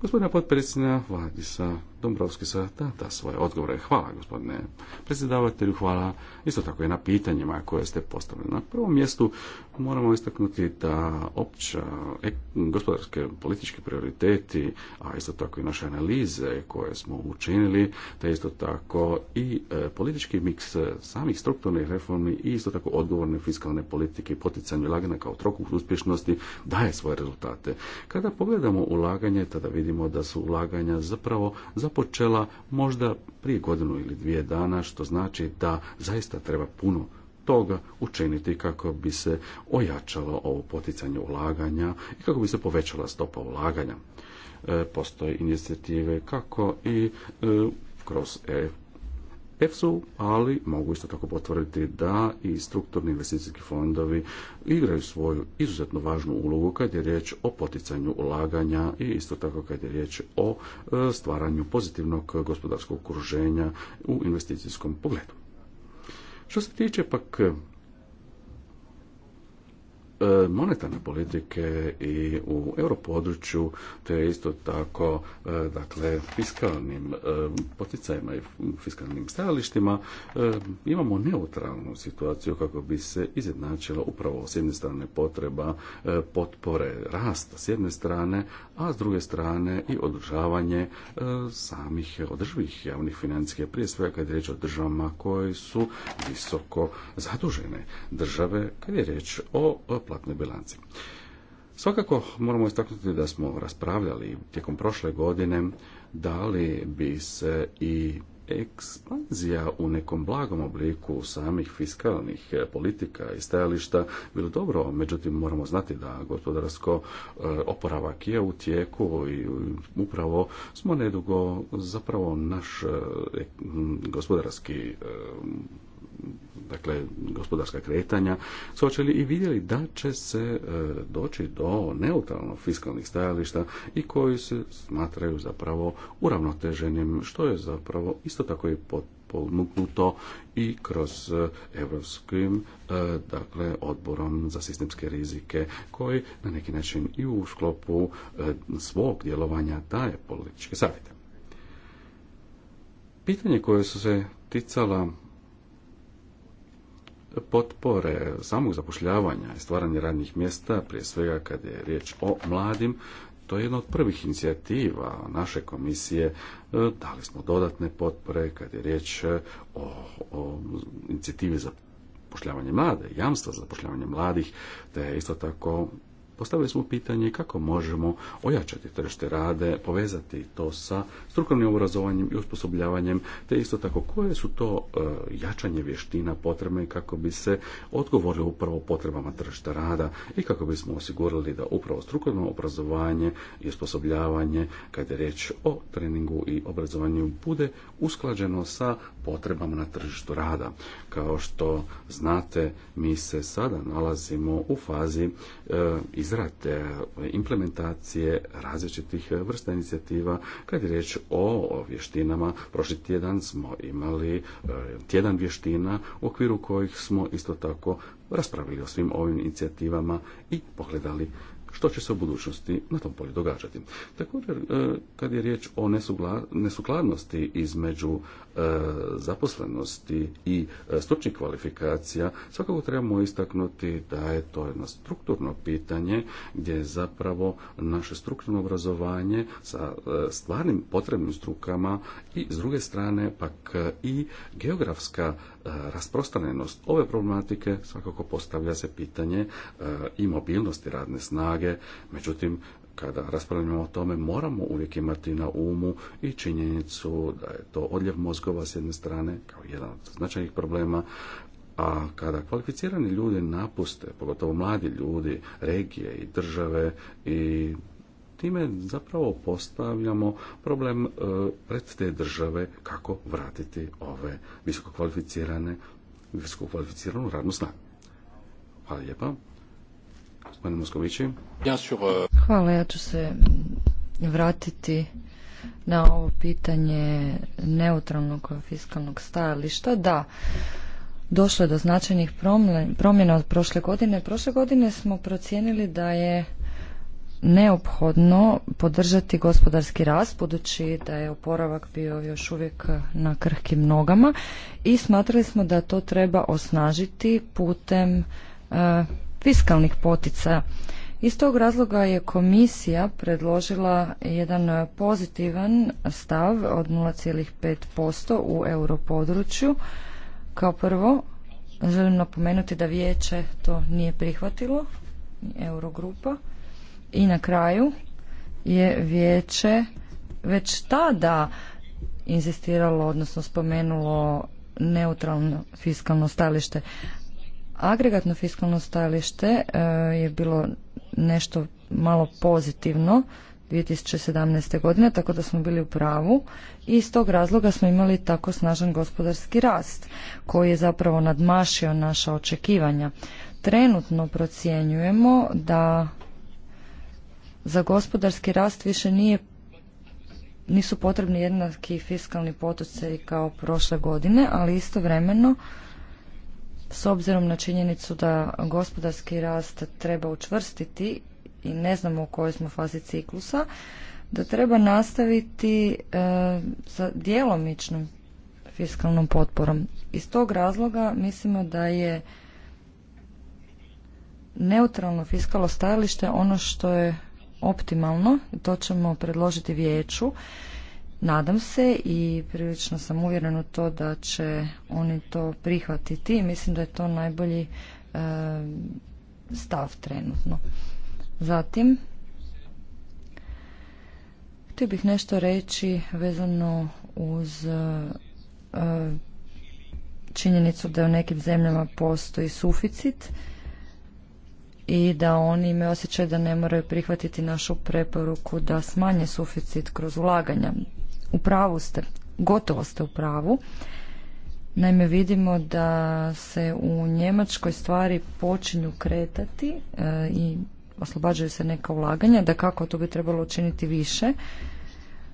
gospodina potpredsjednika Vladisa Dombrovski sa da, da svoje odgovore. Hvala gospodine predsjedavatelju, hvala isto tako i na pitanjima koje ste postavili. Na prvom mjestu moramo istaknuti da opća e, gospodarske političke prioriteti, a isto tako i naše analize koje smo učinili, te isto tako i e, politički miks samih strukturnih reformi i isto tako odgovorne fiskalne politike i poticanje ulaganja kao troku uspješnosti daje svoje rezultate. Kada pogledamo ulaganje, tada vidimo da su ulaganja zapravo za započela možda prije godinu ili dvije dana, što znači da zaista treba puno toga učiniti kako bi se ojačalo ovo poticanje ulaganja i kako bi se povećala stopa ulaganja. E, postoje inicijative kako i e, kroz EFS-u, ali mogu isto tako potvrditi da i strukturni investicijski fondovi igraju svoju izuzetno važnu ulogu kad je riječ o poticanju ulaganja i isto tako kad je riječ o e, stvaranju pozitivnog gospodarskog okruženja u investicijskom pogledu. Što se tiče pak E, monetarne politike i u europodručju, te isto tako e, dakle fiskalnim e, poticajima i fiskalnim stajalištima imamo neutralnu situaciju kako bi se izjednačila upravo s jedne strane potreba potpore rasta s jedne strane, a s druge strane i održavanje samih održivih javnih financija, prije svega kad je riječ o državama koje su visoko zadužene države, kad je riječ o platnoj bilanci. Svakako moramo istaknuti da smo raspravljali tijekom prošle godine da li bi se i ekspanzija u nekom blagom obliku samih fiskalnih e, politika i stajališta bilo dobro, međutim moramo znati da gospodarsko e, oporavak je u tijeku i upravo smo nedugo zapravo naš e, gospodarski dakle gospodarska kretanja suočili i vidjeli da će se e, doći do neutralno fiskalnih stajališta i koji se smatraju zapravo uravnoteženim što je zapravo isto tako i potpomognuto i kroz Europskim e, dakle, odborom za sistemske rizike koji na neki način i u sklopu e, svog djelovanja daje političke savjete. Pitanje koje su se ticala potpore samog zapošljavanja i stvaranje radnih mjesta, prije svega kad je riječ o mladim, to je jedna od prvih inicijativa naše komisije. E, dali smo dodatne potpore kad je riječ e, o, o inicijativi za zapošljavanje mlade, jamstva za zapošljavanje mladih, te isto tako Postavili smo pitanje kako možemo ojačati tržište rade, povezati to sa strukovnim obrazovanjem i usposobljavanjem, te isto tako koje su to e, jačanje vještina potrebne kako bi se odgovorili upravo potrebama tržišta rada i kako bismo osigurali da upravo strukovno obrazovanje i osposobljavanje, kada je riječ o treningu i obrazovanju, bude usklađeno sa potrebama na tržištu rada. Kao što znate, mi se sada nalazimo u fazi e, izrade e, implementacije različitih e, vrsta inicijativa. Kad je riječ o vještinama, prošli tjedan smo imali tjedan vještina u okviru kojih smo isto tako raspravili o svim ovim inicijativama i pogledali što će se u budućnosti na tom polju događati. Također, e, kad je riječ o nesukladnosti između e, zaposlenosti i e, stručnih kvalifikacija, svakako trebamo istaknuti da je to jedno strukturno pitanje gdje je zapravo naše strukturno obrazovanje sa stvarnim potrebnim strukama i s druge strane pak i geografska rasprostranjenost ove problematike svakako postavlja se pitanje i mobilnosti radne snage međutim kada raspravljamo o tome moramo uvijek imati na umu i činjenicu da je to odljev mozgova s jedne strane kao jedan od značajnih problema a kada kvalificirani ljudi napuste, pogotovo mladi ljudi, regije i države i time zapravo postavljamo problem e, pred te države kako vratiti ove visokokvalificirane visokokvalificiranu radnu snagu. Hvala lijepa. Uh, Hvala, ja ću se vratiti na ovo pitanje neutralnog fiskalnog stajališta. Da, došlo je do značajnih promjena od prošle godine. Prošle godine smo procijenili da je neophodno podržati gospodarski rast budući da je oporavak bio još uvijek na krhkim nogama i smatrali smo da to treba osnažiti putem uh, fiskalnih poticaja. Iz tog razloga je komisija predložila jedan pozitivan stav od 0,5% u europodručju. Kao prvo, želim napomenuti da vijeće to nije prihvatilo, Eurogrupa. I na kraju je vijeće već tada inzistiralo, odnosno spomenulo neutralno fiskalno stajalište. Agregatno fiskalno stajalište e, je bilo nešto malo pozitivno 2017. godine, tako da smo bili u pravu i iz tog razloga smo imali tako snažan gospodarski rast koji je zapravo nadmašio naša očekivanja. Trenutno procjenjujemo da za gospodarski rast više nije nisu potrebni jednaki fiskalni poticaji kao prošle godine, ali istovremeno s obzirom na činjenicu da gospodarski rast treba učvrstiti i ne znamo u kojoj smo fazi ciklusa, da treba nastaviti e, sa djelomičnom fiskalnom potporom. Iz tog razloga mislimo da je neutralno fiskalno stajalište ono što je optimalno i to ćemo predložiti vijeću nadam se i prilično sam uvjeren u to da će oni to prihvatiti i mislim da je to najbolji e, stav trenutno. Zatim, htio bih nešto reći vezano uz e, činjenicu da u nekim zemljama postoji suficit i da oni imaju osjećaj da ne moraju prihvatiti našu preporuku da smanje suficit kroz ulaganja u pravu ste, gotovo ste u pravu. Naime, vidimo da se u Njemačkoj stvari počinju kretati e, i oslobađaju se neka ulaganja, da kako to bi trebalo učiniti više.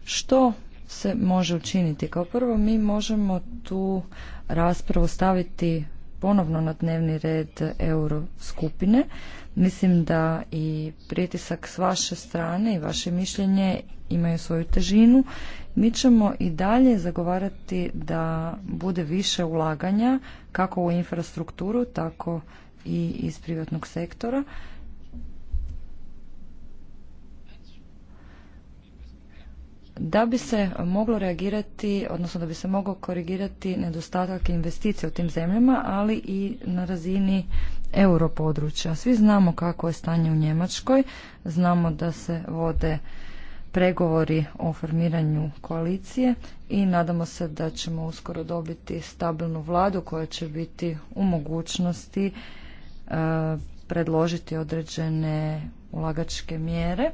Što se može učiniti? Kao prvo mi možemo tu raspravu staviti ponovno na dnevni red euro skupine Mislim da i pritisak s vaše strane i vaše mišljenje imaju svoju težinu. Mi ćemo i dalje zagovarati da bude više ulaganja kako u infrastrukturu, tako i iz privatnog sektora. Da bi se moglo reagirati, odnosno da bi se moglo korigirati nedostatak investicija u tim zemljama, ali i na razini europodručja. Svi znamo kako je stanje u Njemačkoj, znamo da se vode pregovori o formiranju koalicije i nadamo se da ćemo uskoro dobiti stabilnu vladu koja će biti u mogućnosti e, predložiti određene ulagačke mjere.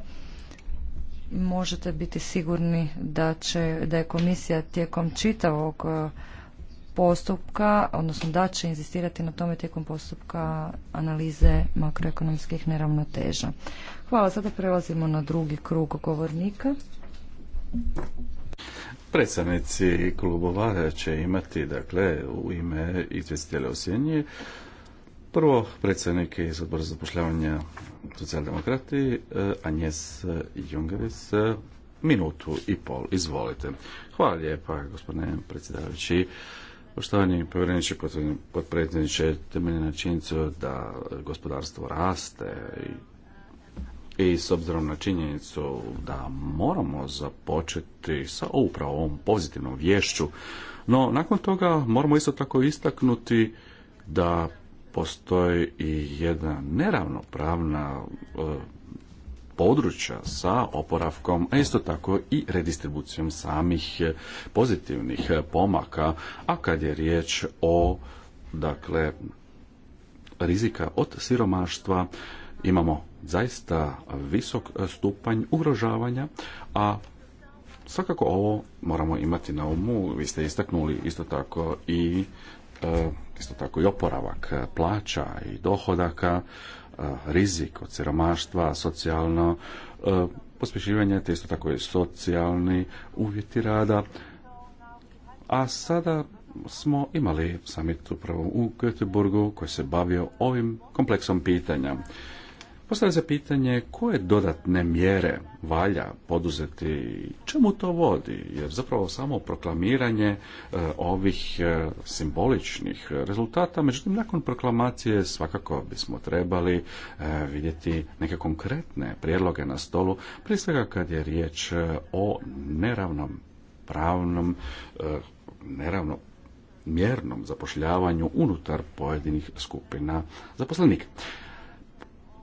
Možete biti sigurni da, će, da je komisija tijekom čitavog postupka, odnosno da će inzistirati na tome tijekom postupka analize makroekonomskih neravnoteža. Hvala, sada prelazimo na drugi krug govornika. Predstavnici klubova će imati, dakle, u ime izvjestitelja Osjenije, prvo predstavnik iz odbora za zapošljavanje socijaldemokrati, eh, Anjes Jungeris, minutu i pol, izvolite. Hvala lijepa, gospodine predsjedavajući. Poštovani povjereniče, potpredsjedniče, temelje na činjenicu da gospodarstvo raste i i s obzirom na činjenicu da moramo započeti sa upravo ovom pozitivnom vješću, no nakon toga moramo isto tako istaknuti da postoji i jedna neravnopravna e, područja sa oporavkom, a isto tako i redistribucijom samih e, pozitivnih e, pomaka, a kad je riječ o dakle rizika od siromaštva imamo zaista visok stupanj ugrožavanja, a svakako ovo moramo imati na umu, vi ste istaknuli isto tako i e, isto tako i oporavak plaća i dohodaka rizik od siromaštva, socijalno e, pospješivanje, te isto tako i socijalni uvjeti rada. A sada smo imali samit upravo u Göteborgu koji se bavio ovim kompleksom pitanja. Postavlja se pitanje koje dodatne mjere valja poduzeti i čemu to vodi, jer zapravo samo proklamiranje e, ovih e, simboličnih rezultata, međutim nakon proklamacije svakako bismo trebali e, vidjeti neke konkretne prijedloge na stolu, prije svega kad je riječ o neravnom pravnom, neravno mjernom zapošljavanju unutar pojedinih skupina zaposlenika.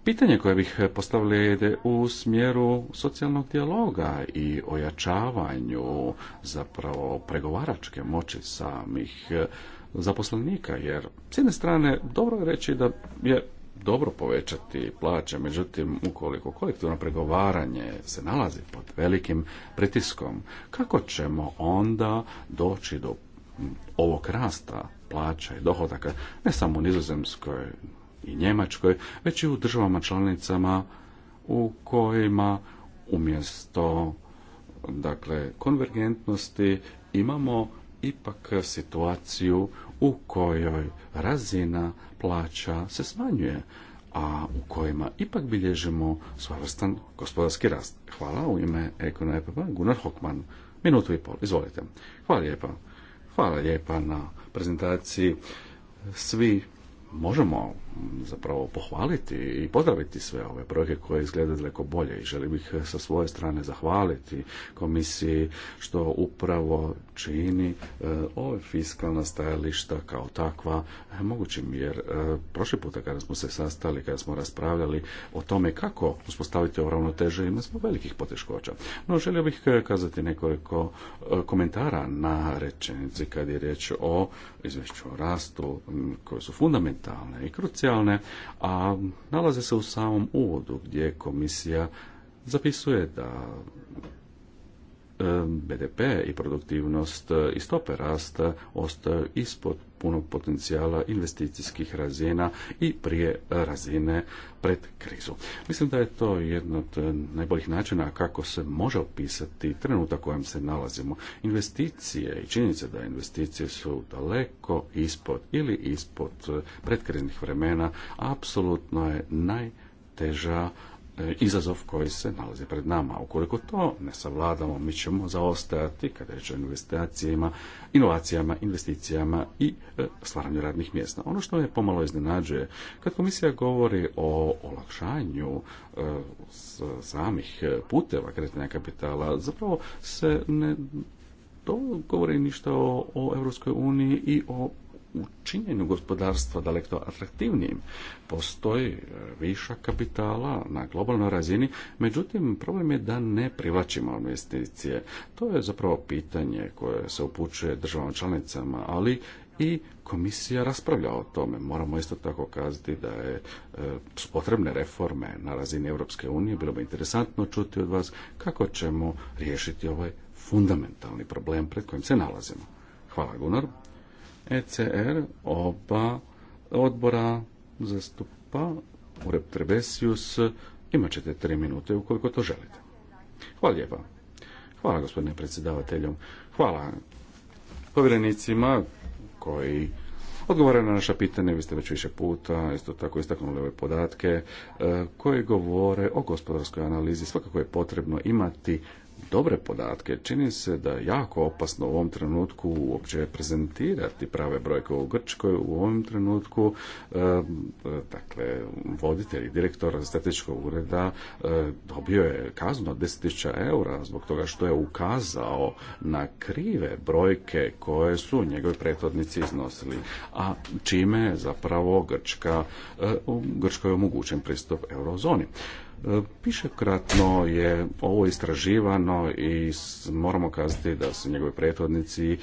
Pitanje koje bih postavili ide u smjeru socijalnog dijaloga i ojačavanju zapravo pregovaračke moći samih e, zaposlenika, jer s jedne strane dobro je reći da je dobro povećati plaće, međutim ukoliko kolektivno pregovaranje se nalazi pod velikim pritiskom, kako ćemo onda doći do ovog rasta plaća i dohodaka, ne samo u Nizozemskoj, i Njemačkoj, već i u državama članicama u kojima umjesto dakle konvergentnosti imamo ipak situaciju u kojoj razina plaća se smanjuje, a u kojima ipak bilježimo svojstven gospodarski rast. Hvala u ime Ekona EPP, Gunnar Hockman. Minutu i pol, izvolite. Hvala lijepa. Hvala lijepa na prezentaciji. Svi možemo zapravo pohvaliti i pozdraviti sve ove projekte koje izgledaju daleko bolje i želim bih sa svoje strane zahvaliti komisiji što upravo čini e, ove fiskalna stajališta kao takva e, mogućim jer e, prošli puta kada smo se sastali, kada smo raspravljali o tome kako uspostaviti ovu ravnotežu imali smo velikih poteškoća. No želio bih kazati nekoliko komentara na rečenici kad je riječ o izvješću o rastu koje su fundamentalne fundamentalne i krucijalne, a nalaze se u samom uvodu gdje komisija zapisuje da BDP i produktivnost e, i stope rasta ostaju ispod punog potencijala investicijskih razina i prije razine pred krizu. Mislim da je to jedan od e, najboljih načina kako se može opisati trenutak u kojem se nalazimo. Investicije i činjenica da investicije su daleko ispod ili ispod e, predkriznih vremena apsolutno je najteža izazov koji se nalazi pred nama. Ukoliko to ne savladamo, mi ćemo zaostajati kada je o investicijama, inovacijama, investicijama i e, stvaranju radnih mjesta. Ono što me pomalo iznenađuje, kad komisija govori o olakšanju e, samih e, puteva kretanja kapitala, zapravo se ne to govori ništa o, o Europskoj uniji i o učinjenju gospodarstva daleko atraktivnijim. Postoji e, viša kapitala na globalnoj razini, međutim problem je da ne privlačimo investicije. To je zapravo pitanje koje se upućuje državama članicama, ali i komisija raspravlja o tome. Moramo isto tako kazati da je e, su potrebne reforme na razini Europske unije. Bilo bi interesantno čuti od vas kako ćemo riješiti ovaj fundamentalni problem pred kojim se nalazimo. Hvala Gunar. ECR oba odbora zastupa u Trebesius. Imat ćete tri minute ukoliko to želite. Hvala lijepa. Hvala gospodine predsjedavatelju. Hvala povjerenicima koji odgovaraju na naša pitanja. Vi ste već više puta isto tako istaknuli ove podatke e, koji govore o gospodarskoj analizi. Svakako je potrebno imati dobre podatke, čini se da je jako opasno u ovom trenutku uopće prezentirati prave brojke u Grčkoj. U ovom trenutku e, e dakle, voditelj i direktor statičkog ureda e, dobio je kaznu od 10.000 eura zbog toga što je ukazao na krive brojke koje su njegovi prethodnici iznosili, a čime je zapravo Grčka, e, Grčkoj omogućen pristup eurozoni. Pišekratno je ovo istraživano i moramo kazati da su njegovi prethodnici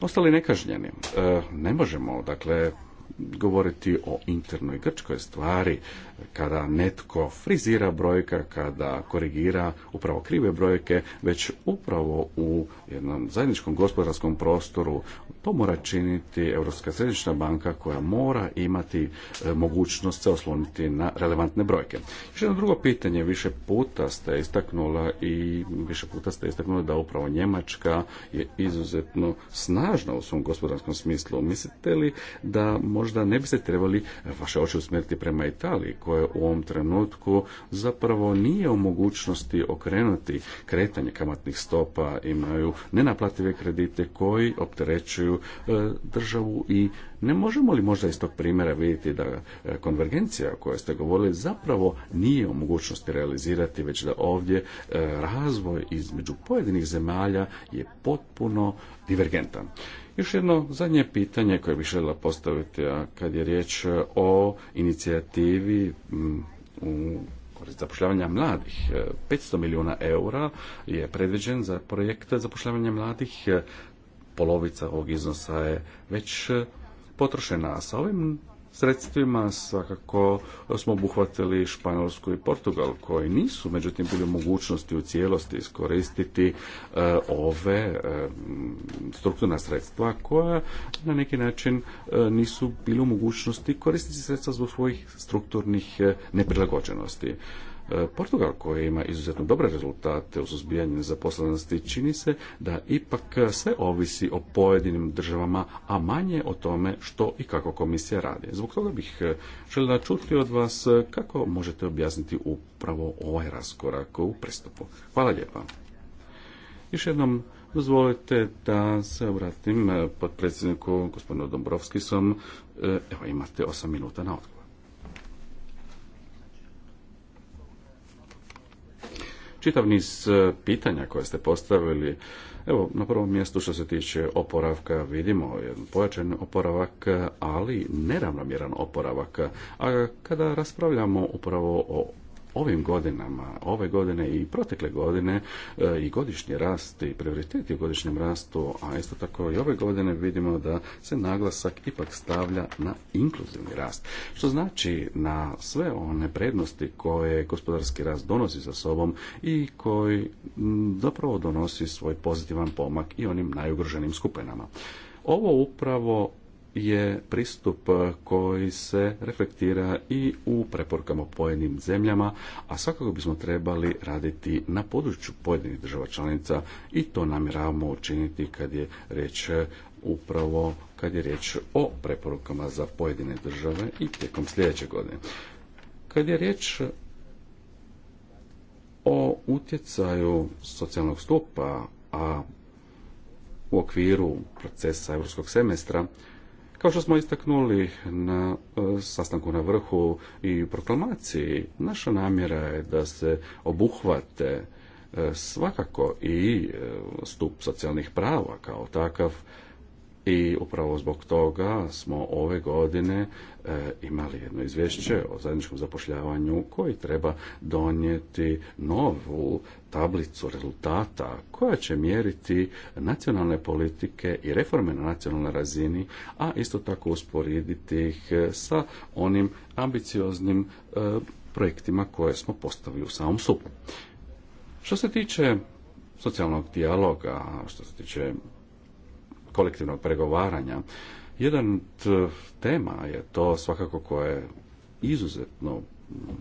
ostali nekažnjeni. E, ne možemo, dakle, govoriti o internoj grčkoj stvari, kada netko frizira brojka, kada korigira upravo krive brojke, već upravo u jednom zajedničkom gospodarskom prostoru to mora činiti Europska središnja banka koja mora imati e, mogućnost se osloniti na relevantne brojke. Još jedno drugo pitanje, više puta ste istaknula i više puta ste istaknuli da upravo Njemačka je izuzetno snažna u svom gospodarskom smislu. Mislite li da možda ne biste trebali vaše oči usmjeriti prema Italiji koja u ovom trenutku zapravo nije u mogućnosti okrenuti kretanje kamatnih stopa, imaju nenaplative kredite koji opterećuju E, državu i ne možemo li možda iz tog primjera vidjeti da e, konvergencija o kojoj ste govorili zapravo nije u mogućnosti realizirati, već da ovdje e, razvoj između pojedinih zemalja je potpuno divergentan. Još jedno zadnje pitanje koje bih željela postaviti, a kad je riječ o inicijativi u zapošljavanja mladih. 500 milijuna eura je predviđen za projekte zapošljavanja mladih polovica ovog iznosa je već e, potrošena. Sa ovim sredstvima svakako smo obuhvatili Španjolsku i Portugal koji nisu međutim bili u mogućnosti u cijelosti iskoristiti e, ove e, strukturna sredstva koja na neki način nisu bili u mogućnosti koristiti sredstva zbog svojih strukturnih neprilagođenosti. E, Portugal koji ima izuzetno dobre rezultate u suzbijanju nezaposlenosti čini se da ipak sve ovisi o pojedinim državama, a manje o tome što i kako komisija radi. Zbog toga bih e, željela čuti od vas e, kako možete objasniti upravo ovaj raskorak u pristupu. Hvala lijepa. Još jednom Dozvolite da se obratim potpredsjedniku gospodinu Dombrovskisom. Evo imate osam minuta na odgovor. čitav niz e, pitanja koje ste postavili. Evo, na prvom mjestu što se tiče oporavka vidimo jedan pojačan oporavak, ali neravnomjeran oporavak. A kada raspravljamo upravo o ovim godinama, ove godine i protekle godine e, i godišnji rast i prioriteti u godišnjem rastu, a isto tako i ove godine vidimo da se naglasak ipak stavlja na inkluzivni rast. Što znači na sve one prednosti koje gospodarski rast donosi za sobom i koji zapravo donosi svoj pozitivan pomak i onim najugroženim skupinama. Ovo upravo je pristup eh, koji se reflektira i u preporkama pojedinim zemljama, a svakako bismo trebali raditi na području pojedinih država članica i to namjeravamo učiniti kad je riječ eh, upravo kad je riječ o preporukama za pojedine države i tijekom sljedeće godine. Kad je riječ eh, o utjecaju socijalnog stupa, a u okviru procesa europskog semestra, kao što smo istaknuli na e, sastanku na vrhu i proklamaciji, naša namjera je da se obuhvate e, svakako i e, stup socijalnih prava kao takav i upravo zbog toga smo ove godine e, imali jedno izvješće o zajedničkom zapošljavanju koji treba donijeti novu tablicu rezultata koja će mjeriti nacionalne politike i reforme na nacionalnoj razini, a isto tako usporediti ih sa onim ambicioznim e, projektima koje smo postavili u samom supu. Što se tiče socijalnog dijaloga, što se tiče kolektivnog pregovaranja. Jedan od e, tema je to svakako koje je izuzetno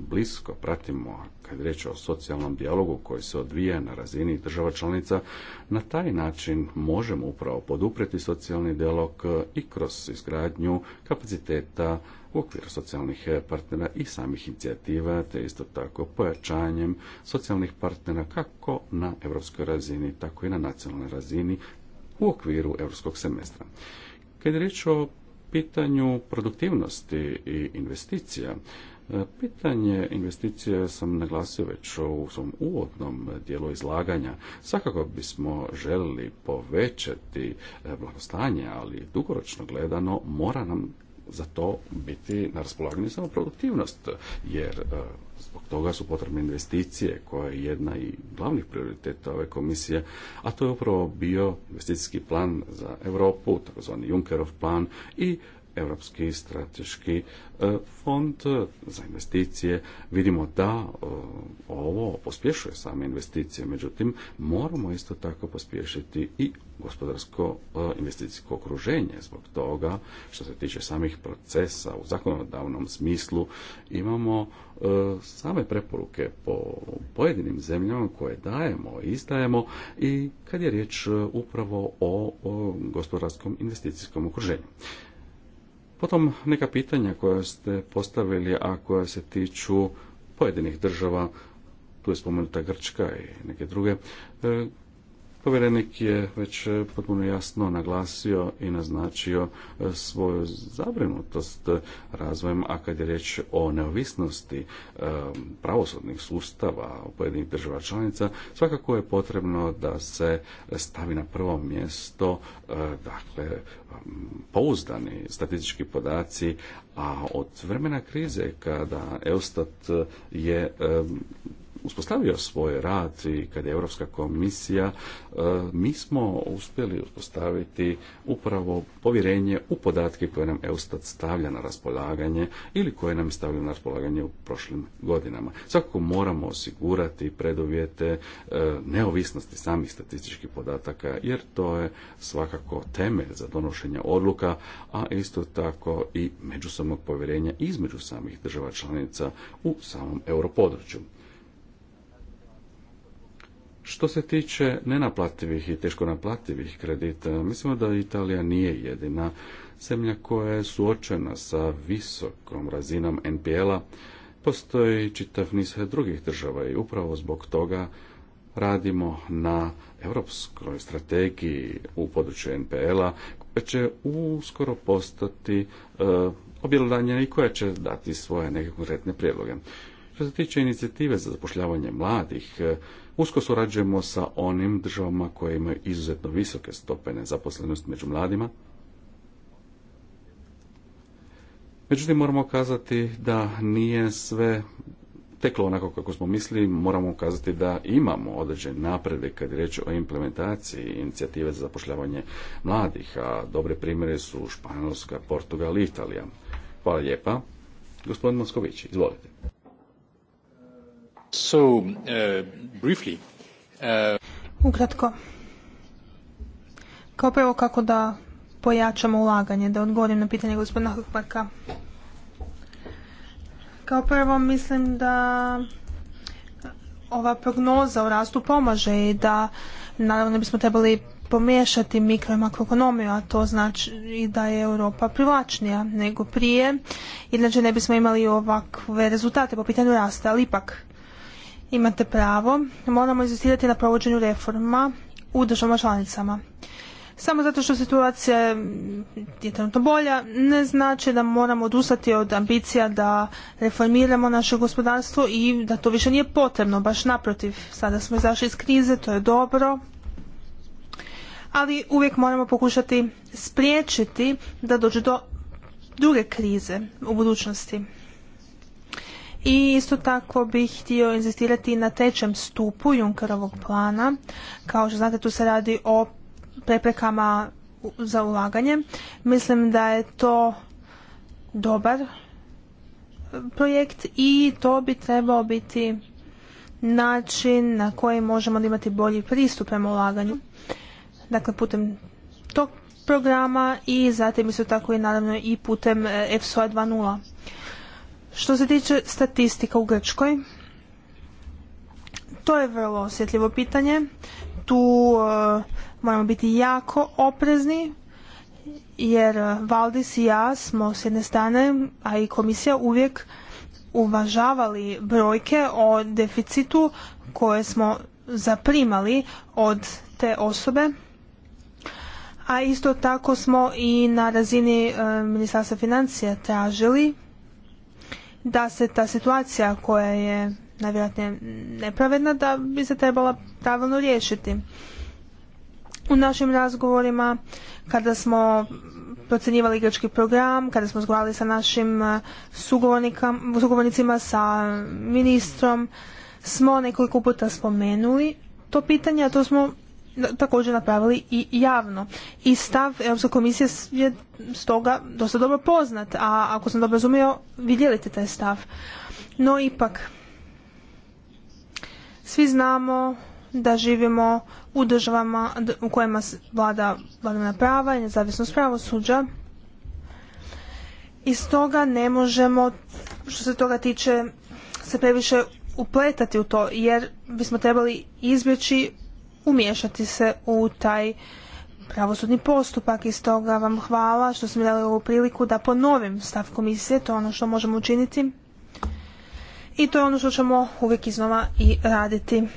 blisko pratimo kad je riječ o socijalnom dijalogu koji se odvija na razini država članica, na taj način možemo upravo podupreti socijalni dijalog e, i kroz izgradnju kapaciteta u okviru socijalnih e, partnera i samih inicijativa, te isto tako pojačanjem socijalnih partnera kako na europskoj razini, tako i na nacionalnoj razini, u okviru europskog semestra. Kad je riječ o pitanju produktivnosti i investicija, e, Pitanje investicije sam naglasio već u svom uvodnom dijelu izlaganja. Svakako bismo željeli povećati e, blagostanje, ali dugoročno gledano mora nam za to biti na raspolaganju samo produktivnost, jer e, zbog toga su potrebne investicije koja je jedna i glavnih prioriteta ove komisije, a to je upravo bio investicijski plan za Europu, takozvani Junckerov plan i Europski strateški e, fond e, za investicije. Vidimo da e, ovo pospješuje same investicije, međutim moramo isto tako pospješiti i gospodarsko investicijsko okruženje zbog toga što se tiče samih procesa u zakonodavnom smislu imamo same preporuke po pojedinim zemljama koje dajemo i izdajemo i kad je riječ upravo o gospodarskom investicijskom okruženju. Potom neka pitanja koja ste postavili, a koja se tiču pojedinih država, tu je spomenuta Grčka i neke druge, e, Povjerenik je već e, potpuno jasno naglasio i naznačio e, svoju zabrinutost e, razvojem, a kad je riječ o neovisnosti pravosudnih sustava u pojedinih država članica, svakako je potrebno da se stavi na prvo mjesto dakle, pouzdani statistički podaci, a od vremena krize kada Eustat je uspostavio svoj rad i kad je Europska komisija, e, mi smo uspjeli uspostaviti upravo povjerenje u podatke koje nam Eustat stavlja na raspolaganje ili koje nam stavlja na raspolaganje u prošlim godinama. Svakako moramo osigurati preduvjete e, neovisnosti samih statističkih podataka, jer to je svakako temelj za donošenje odluka, a isto tako i međusobnog povjerenja između samih država članica u samom europodručju. Što se tiče nenaplativih i teško naplativih kredita, mislimo da Italija nije jedina zemlja koja je suočena sa visokom razinom NPL-a. Postoji čitav niz drugih država i upravo zbog toga radimo na europskoj strategiji u području NPL-a koja će uskoro postati e, i koja će dati svoje neke konkretne prijedloge. Što se tiče inicijative za zapošljavanje mladih, Usko surađujemo sa onim državama koje imaju izuzetno visoke stope nezaposlenosti među mladima. Međutim, moramo kazati da nije sve teklo onako kako smo mislili, moramo ukazati da imamo određen napredak kad je riječ o implementaciji inicijative za zapošljavanje mladih, a dobre primjere su Španjolska, Portugal i Italija. Hvala lijepa. Gospodin Mosković, izvolite. Uh, uh, Ukratko. Kao prvo kako da pojačamo ulaganje, da odgovorim na pitanje gospodina Hrvatska. Kao prvo mislim da ova prognoza u rastu pomaže i da naravno ne bismo trebali pomiješati mikro i makroekonomiju, a to znači i da je Europa privlačnija nego prije, inače ne bismo imali ovakve rezultate po pitanju rasta, ali ipak Imate pravo, moramo insistirati na provođenju reforma u državama članicama. Samo zato što situacija je trenutno bolja, ne znači da moramo odustati od ambicija da reformiramo naše gospodarstvo i da to više nije potrebno, baš naprotiv. Sada smo izašli iz krize, to je dobro, ali uvijek moramo pokušati spriječiti da dođe do druge krize u budućnosti. I isto tako bih htio inzistirati na trećem stupu Junkerovog plana. Kao što znate, tu se radi o preprekama za ulaganje. Mislim da je to dobar e, projekt i to bi trebao biti način na koji možemo imati bolji pristup prema ulaganju. Dakle, putem tog programa i zatim isto tako i naravno i putem efsoa e 2.0. Što se tiče statistika u Grčkoj, to je vrlo osjetljivo pitanje. Tu e, moramo biti jako oprezni jer e, Valdis i ja smo s jedne strane, a i komisija uvijek uvažavali brojke o deficitu koje smo zaprimali od te osobe. A isto tako smo i na razini e, ministarstva financija tražili da se ta situacija koja je najvjerojatnije nepravedna da bi se trebala pravilno riješiti. U našim razgovorima kada smo procjenjivali igrački program, kada smo zgovarali sa našim eh, sugovornicima, sa ministrom, smo nekoliko puta spomenuli to pitanje, a to smo također napravili i javno. I stav Europske komisije je stoga dosta dobro poznat, a ako sam dobro razumio, vidjelite taj stav. No ipak, svi znamo da živimo u državama u kojima vlada vladavina prava i nezavisnost pravosuđa. I stoga ne možemo, što se toga tiče, se previše upletati u to, jer bismo trebali izbjeći umiješati se u taj pravosudni postupak i stoga vam hvala što ste mi dali ovu priliku da ponovim stav komisije, to je ono što možemo učiniti i to je ono što ćemo uvijek iznova i raditi.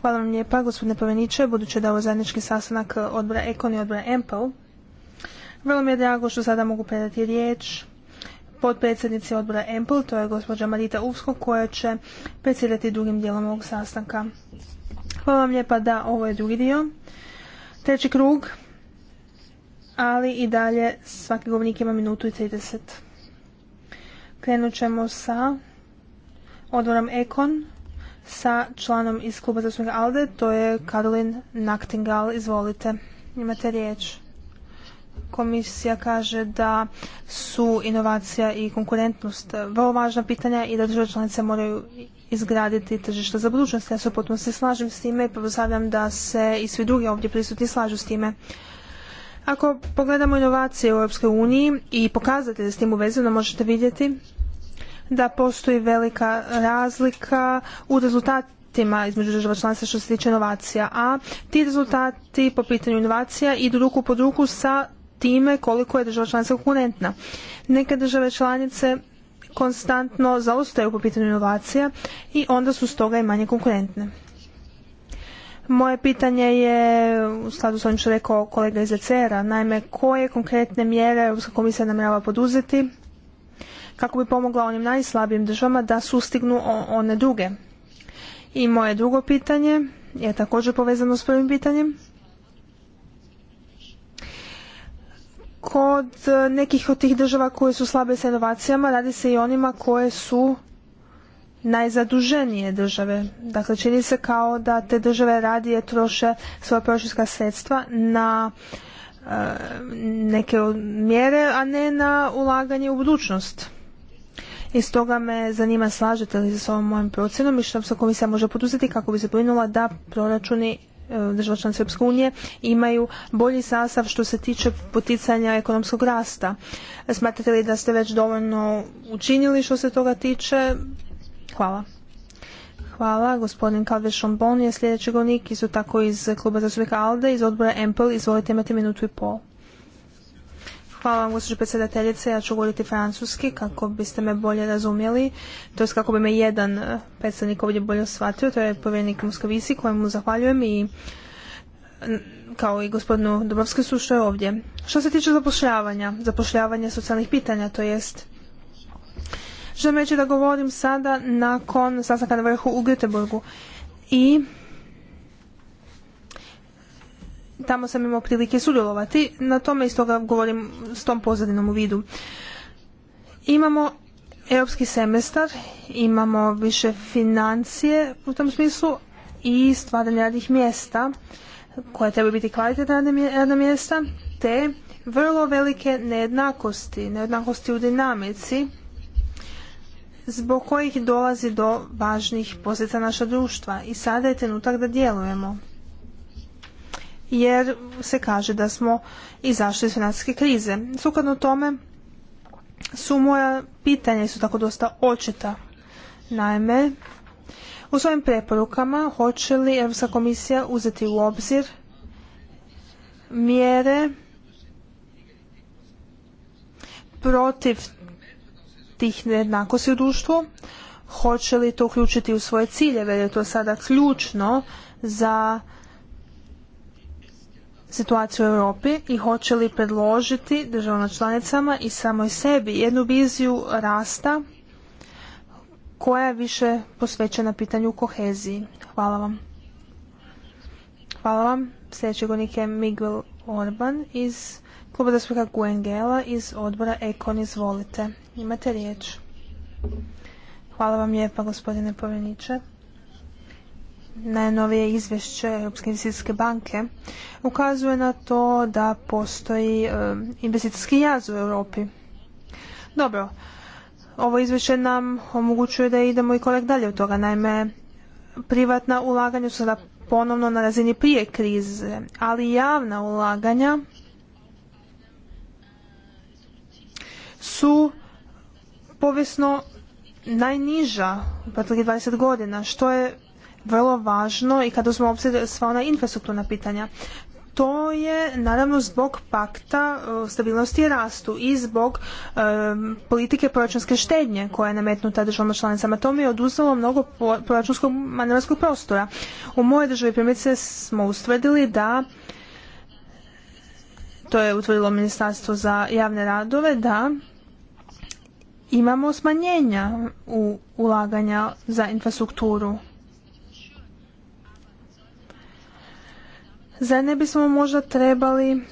Hvala vam lijepa gospodine Poveniče, budući da je ovo zajednički sastanak odbora Ekon i odbora Empel. Vrlo mi je drago što sada mogu predati riječ potpredsjednici odbora Empel, to je gospođa Marita Uvsko koja će predsjedati drugim dijelom ovog sastanka. Hvala vam lijepa da ovo je drugi dio. Treći krug, ali i dalje svaki govornik ima minutu i 30. Krenut ćemo sa odvorom Ekon sa članom iz kluba zastupnika ALDE, to je Karolin Naktingal. Izvolite, imate riječ. Komisija kaže da su inovacija i konkurentnost vrlo važna pitanja i da države članice moraju izgraditi tržište za budućnost. Ja se potpuno slažem s time i pretpostavljam da se i svi drugi ovdje prisutni slažu s time. Ako pogledamo inovacije u Europskoj uniji i da s tim uvezano, možete vidjeti da postoji velika razlika u rezultatima između država članica što se tiče inovacija, a ti rezultati po pitanju inovacija idu ruku pod ruku sa time koliko je država članica konkurentna. Neke države članice konstantno zaostaju po pitanju inovacija i onda su stoga i manje konkurentne. Moje pitanje je, u skladu s onim što rekao kolega iz ECR-a, naime koje konkretne mjere Europska komisija namjerava poduzeti kako bi pomogla onim najslabijim državama da sustignu one druge. I moje drugo pitanje je također povezano s prvim pitanjem. kod e, nekih od tih država koje su slabe sa inovacijama radi se i onima koje su najzaduženije države. Dakle, čini se kao da te države radije troše svoja proračunska sredstva na e, neke mjere, a ne na ulaganje u budućnost. I stoga me zanima slažete li se s ovom mojom procjenom i što se komisija može poduzeti kako bi se brinula da proračuni E, država članica Europske unije imaju bolji sastav što se tiče poticanja ekonomskog rasta. Smatrate li da ste već dovoljno učinili što se toga tiče? Hvala. Hvala. Gospodin Kalve Šombon je sljedeći govornik, isto tako iz kluba zastupnika ALDE, iz odbora Empel, Izvolite, imate minutu i pol. Hvala vam, gospođo predsjedateljice. Ja ću govoriti francuski kako biste me bolje razumjeli. To je kako bi me jedan eh, predstavnik ovdje bolje shvatio. To je povjerenik Moskovisi kojemu zahvaljujem i kao i gospodinu su što je ovdje. Što se tiče zapošljavanja, zapošljavanja socijalnih pitanja, to jest želim reći da govorim sada nakon sastanka na vrhu u Göteborgu i tamo sam imao prilike sudjelovati, na tome i toga govorim s tom pozadinom u vidu. Imamo europski semestar, imamo više financije u tom smislu i stvaranje radnih mjesta koja treba biti kvalitetna radna mjesta, te vrlo velike nejednakosti, nejednakosti u dinamici zbog kojih dolazi do važnih posljedica naša društva i sada je trenutak da djelujemo jer se kaže da smo izašli iz financijske krize. Sukladno tome su moja pitanja su tako dosta očita. Naime, u svojim preporukama hoće li Europska komisija uzeti u obzir mjere protiv tih nejednakosti u društvu, hoće li to uključiti u svoje ciljeve, jer je to sada ključno za situaciju u Europi i hoće li predložiti državama članicama i samoj sebi jednu viziju rasta koja je više posvećena pitanju koheziji. Hvala vam. Hvala vam. Sljedeći govornik je Miguel Orban iz Kluba zastupnika Guengela iz odbora Ekon. Izvolite. Imate riječ. Hvala vam lijepa gospodine povjereniče najnovije izvješće Europske investicijske banke ukazuje na to da postoji e, investicijski jaz u Europi. Dobro, ovo izvješće nam omogućuje da idemo i korak dalje od toga. Naime, privatna ulaganja su sada ponovno na razini prije krize, ali javna ulaganja su povijesno najniža u proteklih 20 godina, što je vrlo važno i kada uzmemo obzir sva ona infrastrukturna pitanja. To je naravno zbog pakta e, stabilnosti i rastu i zbog e, politike proračunske štednje koja je nametnuta državama članicama. To mi je oduzelo mnogo proračunskog manevarskog prostora. U mojoj državi primjerice smo ustvrdili da to je utvrdilo Ministarstvo za javne radove, da imamo smanjenja u ulaganja za infrastrukturu Zar ne bismo možda trebali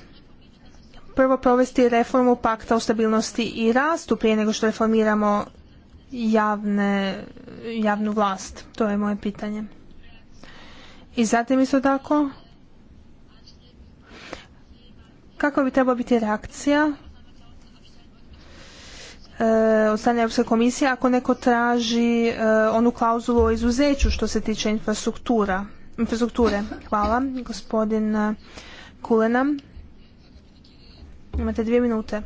prvo provesti reformu pakta o stabilnosti i rastu prije nego što reformiramo javne, javnu vlast? To je moje pitanje. I zatim isto tako, kakva bi trebala biti reakcija e, od strane Europske komisije ako neko traži e, onu klauzulu o izuzeću što se tiče infrastruktura infrastrukture. Hvala, gospodin eh, Kulena. Imate dvije minute.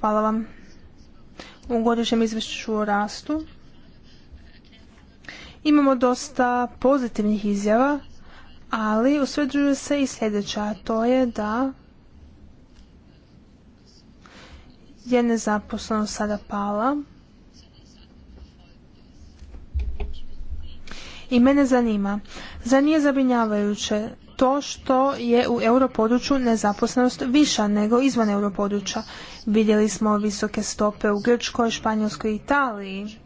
Hvala vam. U godišnjem izvješću o rastu imamo dosta pozitivnih izjava, ali usvrđuju se i sljedeća, a to je da je nezaposlenost sada pala I mene zanima, za nije zabrinjavajuće to što je u europodručju nezaposlenost viša nego izvan europodručja. Vidjeli smo visoke stope u Grčkoj, Španjolskoj i Italiji.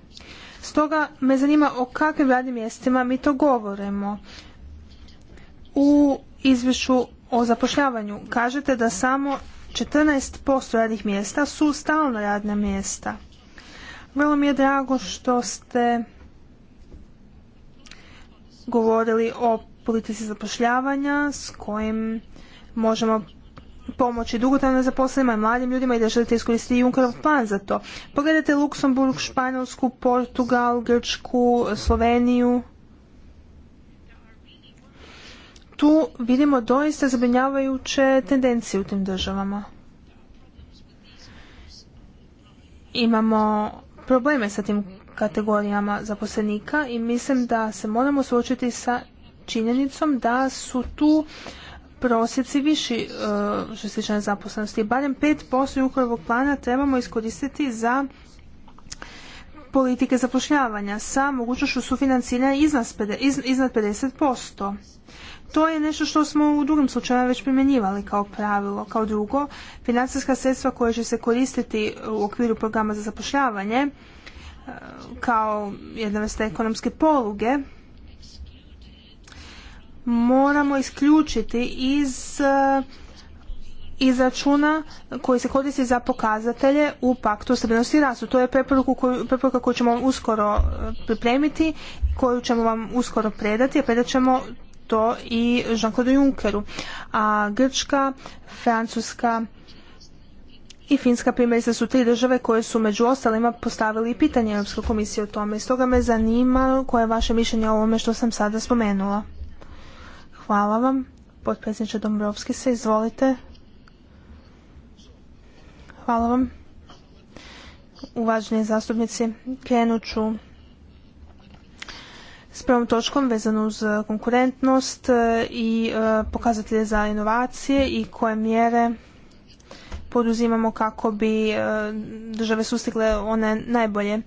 Stoga me zanima o kakvim radnim mjestima mi to govorimo. U izvješću o zapošljavanju kažete da samo 14% radnih mjesta su stalno radna mjesta. Vrlo mi je drago što ste govorili o politici zapošljavanja s kojim možemo pomoći dugotrajno zaposlenima i mladim ljudima i da želite iskoristiti Junkerov plan za to. Pogledajte Luksemburg, Španjolsku, Portugal, Grčku, Sloveniju. Tu vidimo doista zabrinjavajuće tendencije u tim državama. Imamo probleme sa tim kategorijama zaposlenika i mislim da se moramo suočiti sa činjenicom da su tu prosjeci viši e, što se tiče nezaposlenosti. Barem 5% ukorovog plana trebamo iskoristiti za politike zapošljavanja sa mogućnošću sufinanciranja iznad 50%. To je nešto što smo u drugim slučaju već primjenjivali kao pravilo. Kao drugo, financijska sredstva koja će se koristiti u okviru programa za zapošljavanje kao jedna vrsta ekonomske poluge moramo isključiti iz eh, izračuna koji se koristi za pokazatelje u paktu o stabilnosti i rastu. To je preporuka koju ćemo uskoro eh, pripremiti, koju ćemo vam uskoro predati, a predat ćemo to i Jean-Claude Junckeru. A Grčka, Francuska, i Finska primjerice su tri države koje su među ostalima postavili i pitanje Europske komisije o tome. I stoga me zanima koje je vaše mišljenje o ovome što sam sada spomenula. Hvala vam. Potpredsjedniče Dombrovski se, izvolite. Hvala vam. Uvaženi zastupnici, krenut ću s prvom točkom vezano uz konkurentnost i e, pokazatelje za inovacije i koje mjere poduzimamo kako bi e, države sustigle one najbolje.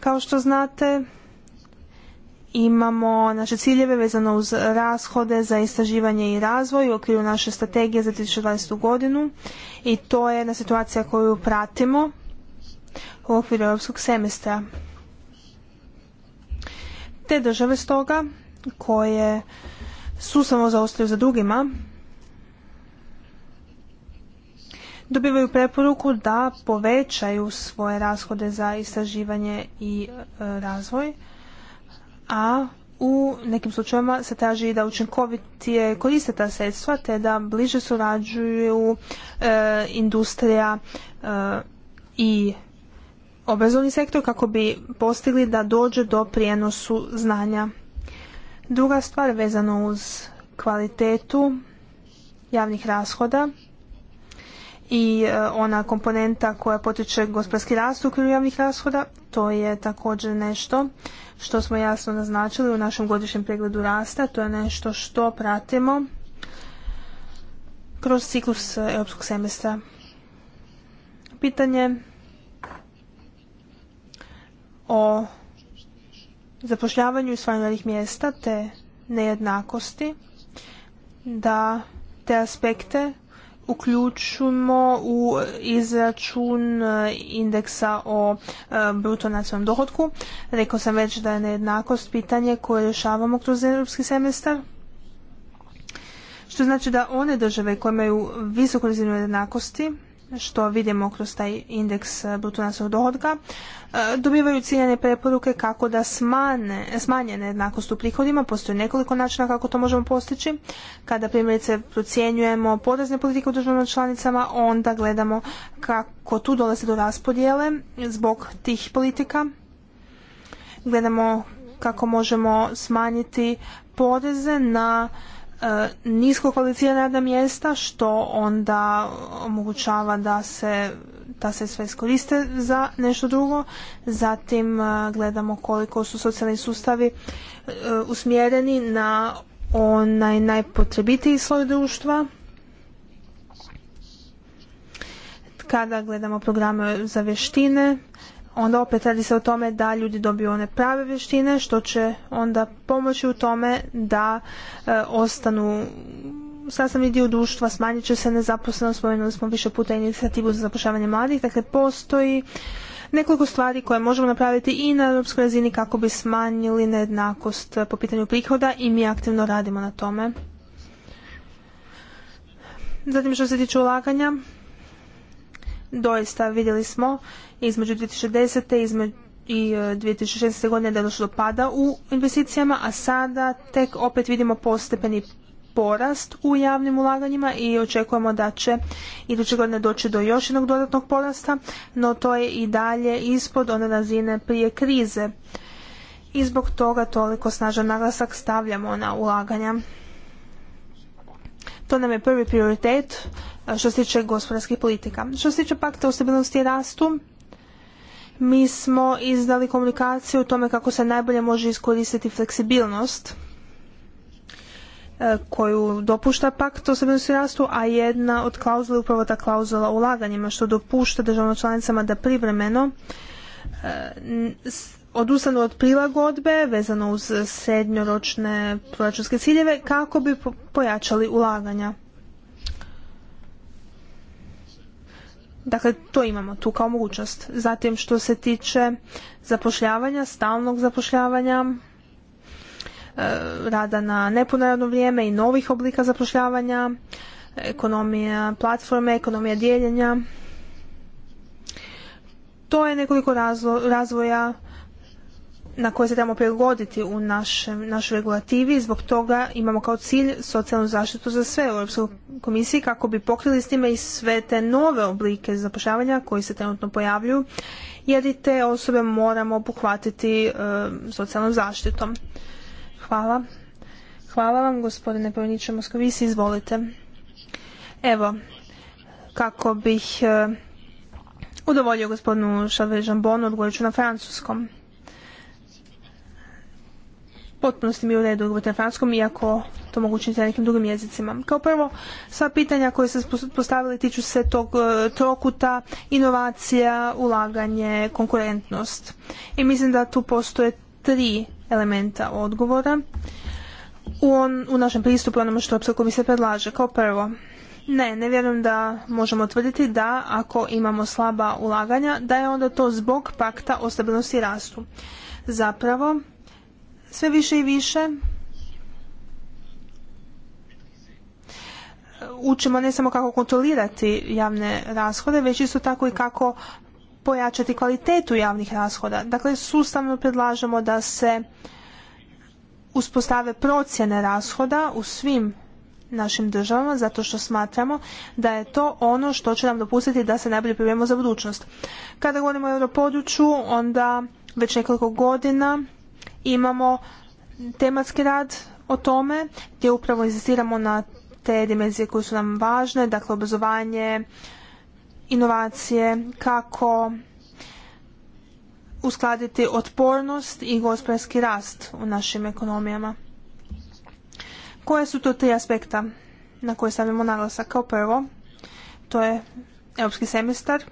Kao što znate, imamo naše ciljeve vezano uz rashode za istraživanje i razvoj u okviru naše strategije za 2020. godinu i to je jedna situacija koju pratimo u okviru europskog semestra. Te države stoga koje sustavno zaostaju za drugima dobivaju preporuku da povećaju svoje rashode za istraživanje i e, razvoj, a u nekim slučajevima se traži da učinkovitije koriste ta sredstva te da bliže surađuju e, industrija e, i obrazovni sektor kako bi postigli da dođe do prijenosu znanja. Druga stvar vezano uz kvalitetu javnih rashoda i e, ona komponenta koja potiče gospodarski rast u okviru javnih rashoda, to je također nešto što smo jasno naznačili u našem godišnjem pregledu rasta, to je nešto što pratimo kroz ciklus europskog semestra. Pitanje o zapošljavanju i stvaranju radnih mjesta te nejednakosti da te aspekte uključimo u izračun e, indeksa o e, bruto nacionalnom dohodku. Rekao sam već da je nejednakost pitanje koje rješavamo kroz europski semestar. Što znači da one države koje imaju visoku razinu jednakosti što vidimo kroz taj indeks e, brutonasnog dohodka, e, dobivaju ciljene preporuke kako da smanje nejednakost u prihodima. Postoji nekoliko načina kako to možemo postići. Kada primjerice procjenjujemo porezne politike u državnom članicama, onda gledamo kako tu dolazi do raspodjele zbog tih politika. Gledamo kako možemo smanjiti poreze na nisko kvalificirana radna mjesta što onda omogućava da se da se sve iskoriste za nešto drugo. Zatim e, gledamo koliko su socijalni sustavi e, usmjereni na onaj najpotrebitiji sloj društva. Kada gledamo programe za vještine, onda opet radi se o tome da ljudi dobiju one prave vještine što će onda pomoći u tome da e, ostanu sastavni dio društva, smanjit će se nezaposlenost, spomenuli smo više puta inicijativu za zapošljavanje mladih, dakle postoji nekoliko stvari koje možemo napraviti i na europskoj razini kako bi smanjili nejednakost e, po pitanju prihoda i mi aktivno radimo na tome. Zatim što se tiče ulaganja, doista vidjeli smo između 2010. Između i 2016. E, godine da došlo do pada u investicijama, a sada tek opet vidimo postepeni porast u javnim ulaganjima i očekujemo da će iduće godine doći do još jednog dodatnog porasta, no to je i dalje ispod one razine prije krize. I zbog toga toliko snažan naglasak stavljamo na ulaganja. To nam je prvi prioritet e, što se tiče gospodarskih politika. Što se tiče pakta o stabilnosti i rastu, mi smo izdali komunikaciju o tome kako se najbolje može iskoristiti fleksibilnost e, koju dopušta pakt o stabilnosti rastu, a jedna od klauzula je upravo ta klauzula ulaganjima, što dopušta državama članicama da privremeno e, odustanu od prilagodbe vezano uz srednjoročne proračunske ciljeve kako bi pojačali ulaganja. Dakle, to imamo tu kao mogućnost. Zatim što se tiče zapošljavanja, stalnog zapošljavanja, e, rada na nepuno vrijeme i novih oblika zapošljavanja, ekonomija platforme, ekonomija dijeljenja. To je nekoliko razvoja na koje se trebamo prilagoditi u našem, našoj regulativi. Zbog toga imamo kao cilj socijalnu zaštitu za sve u Europskoj komisiji kako bi pokrili s time i sve te nove oblike zapošljavanja koji se trenutno pojavljuju jer i te osobe moramo obuhvatiti e, socijalnom zaštitom. Hvala. Hvala vam gospodine Pojniče Moskovisi, izvolite. Evo, kako bih e, udovoljio gospodinu Bonu, odgovorit ću na francuskom potpunosti mi u redu govorite iako to mogu na nekim drugim jezicima. Kao prvo, sva pitanja koje ste postavili tiču se tog e, trokuta, inovacija, ulaganje, konkurentnost. I mislim da tu postoje tri elementa odgovora u, on, u našem pristupu onome što mi komisija predlaže. Kao prvo, ne, ne vjerujem da možemo tvrditi da ako imamo slaba ulaganja, da je onda to zbog pakta o stabilnosti i rastu. Zapravo, sve više i više učimo ne samo kako kontrolirati javne rashode, već isto tako i kako pojačati kvalitetu javnih rashoda. Dakle, sustavno predlažemo da se uspostave procjene rashoda u svim našim državama, zato što smatramo da je to ono što će nam dopustiti da se najbolje pripremimo za budućnost. Kada govorimo o europodručju, onda već nekoliko godina imamo tematski rad o tome gdje upravo inzistiramo na te dimenzije koje su nam važne, dakle obrazovanje, inovacije, kako uskladiti otpornost i gospodarski rast u našim ekonomijama. Koje su to tri aspekta na koje stavljamo naglasak? Kao prvo, to je europski semestar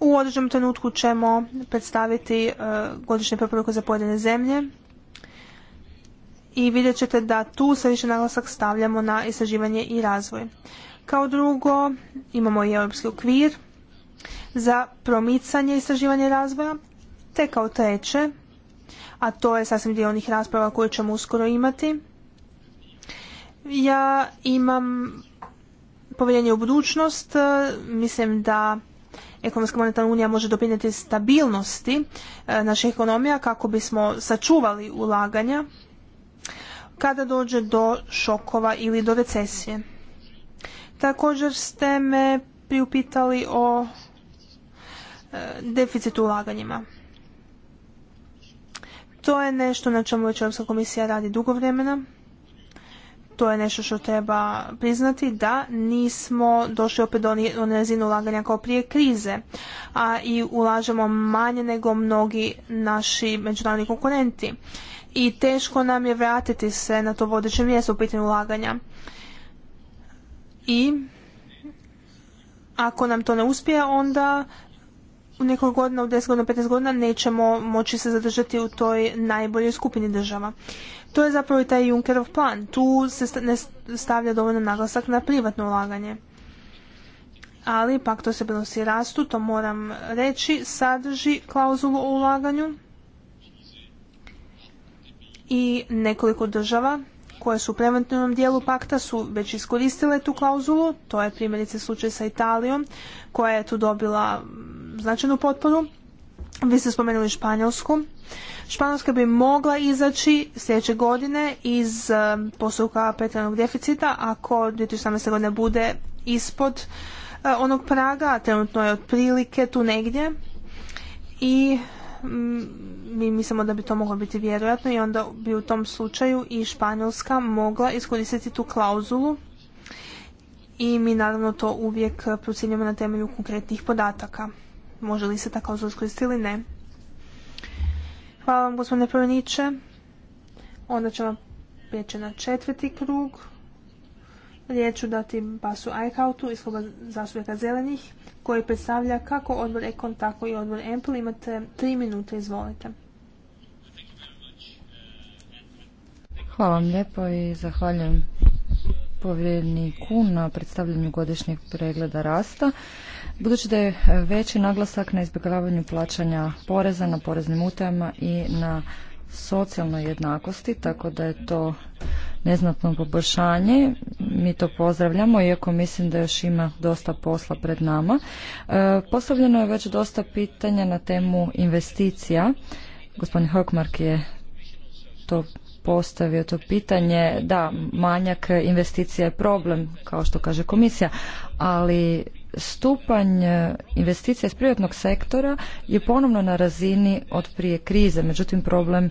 u određenom trenutku ćemo predstaviti e, godišnje preporuke za pojedine zemlje i vidjet ćete da tu se više naglasak stavljamo na istraživanje i razvoj. Kao drugo, imamo i europski okvir za promicanje istraživanja i razvoja, te kao treće, a to je sasvim dio onih rasprava koje ćemo uskoro imati, ja imam povjerenje u budućnost, e, mislim da ekonomska monetarna unija može doprinijeti stabilnosti e, naših ekonomija kako bismo sačuvali ulaganja kada dođe do šokova ili do recesije. Također ste me priupitali o e, deficitu ulaganjima. To je nešto na čemu već Europska komisija radi dugo vremena to je nešto što treba priznati da nismo došli opet do one ulaganja kao prije krize, a i ulažemo manje nego mnogi naši međunarodni konkurenti. I teško nam je vratiti se na to vodeće mjesto u pitanju ulaganja. I ako nam to ne uspije, onda u nekoliko godina, u 10 godina, 15 godina nećemo moći se zadržati u toj najboljoj skupini država. To je zapravo i taj Junckerov plan. Tu se ne stavlja dovoljno naglasak na privatno ulaganje. Ali pak to se i rastu, to moram reći, sadrži klauzulu o ulaganju i nekoliko država koje su u preventivnom dijelu pakta su već iskoristile tu klauzulu, to je primjerice slučaj sa Italijom koja je tu dobila mm, značajnu potporu. Vi ste spomenuli Španjolsku, Španjolska bi mogla izaći sljedeće godine iz eh, postupka petrenog deficita ako 2018. godine bude ispod eh, onog praga, a trenutno je otprilike tu negdje i mm, mi mislimo da bi to moglo biti vjerojatno i onda bi u tom slučaju i Španjolska mogla iskoristiti tu klauzulu i mi naravno to uvijek procjenjujemo na temelju konkretnih podataka. Može li se ta klauzula iskoristiti ili ne? Hvala vam gospodine Proveniće. Onda ćemo prijeći na četvrti krug. Riječ ću dati Basu Eichautu iz kluba zastupnika zelenih koji predstavlja kako odbor Ekon, tako i odbor Empel. Imate tri minute, izvolite. Hvala vam lijepo i zahvaljujem povjereniku na predstavljanju godišnjeg pregleda rasta. Budući da je veći naglasak na izbjegavanju plaćanja poreza, na poreznim utajama i na socijalnoj jednakosti, tako da je to neznatno poboljšanje. Mi to pozdravljamo, iako mislim da još ima dosta posla pred nama. E, postavljeno je već dosta pitanja na temu investicija. Gospodin Hokmark je to postavio to pitanje. Da, manjak investicija je problem, kao što kaže komisija, ali stupanj e, investicija iz privatnog sektora je ponovno na razini od prije krize. Međutim, problem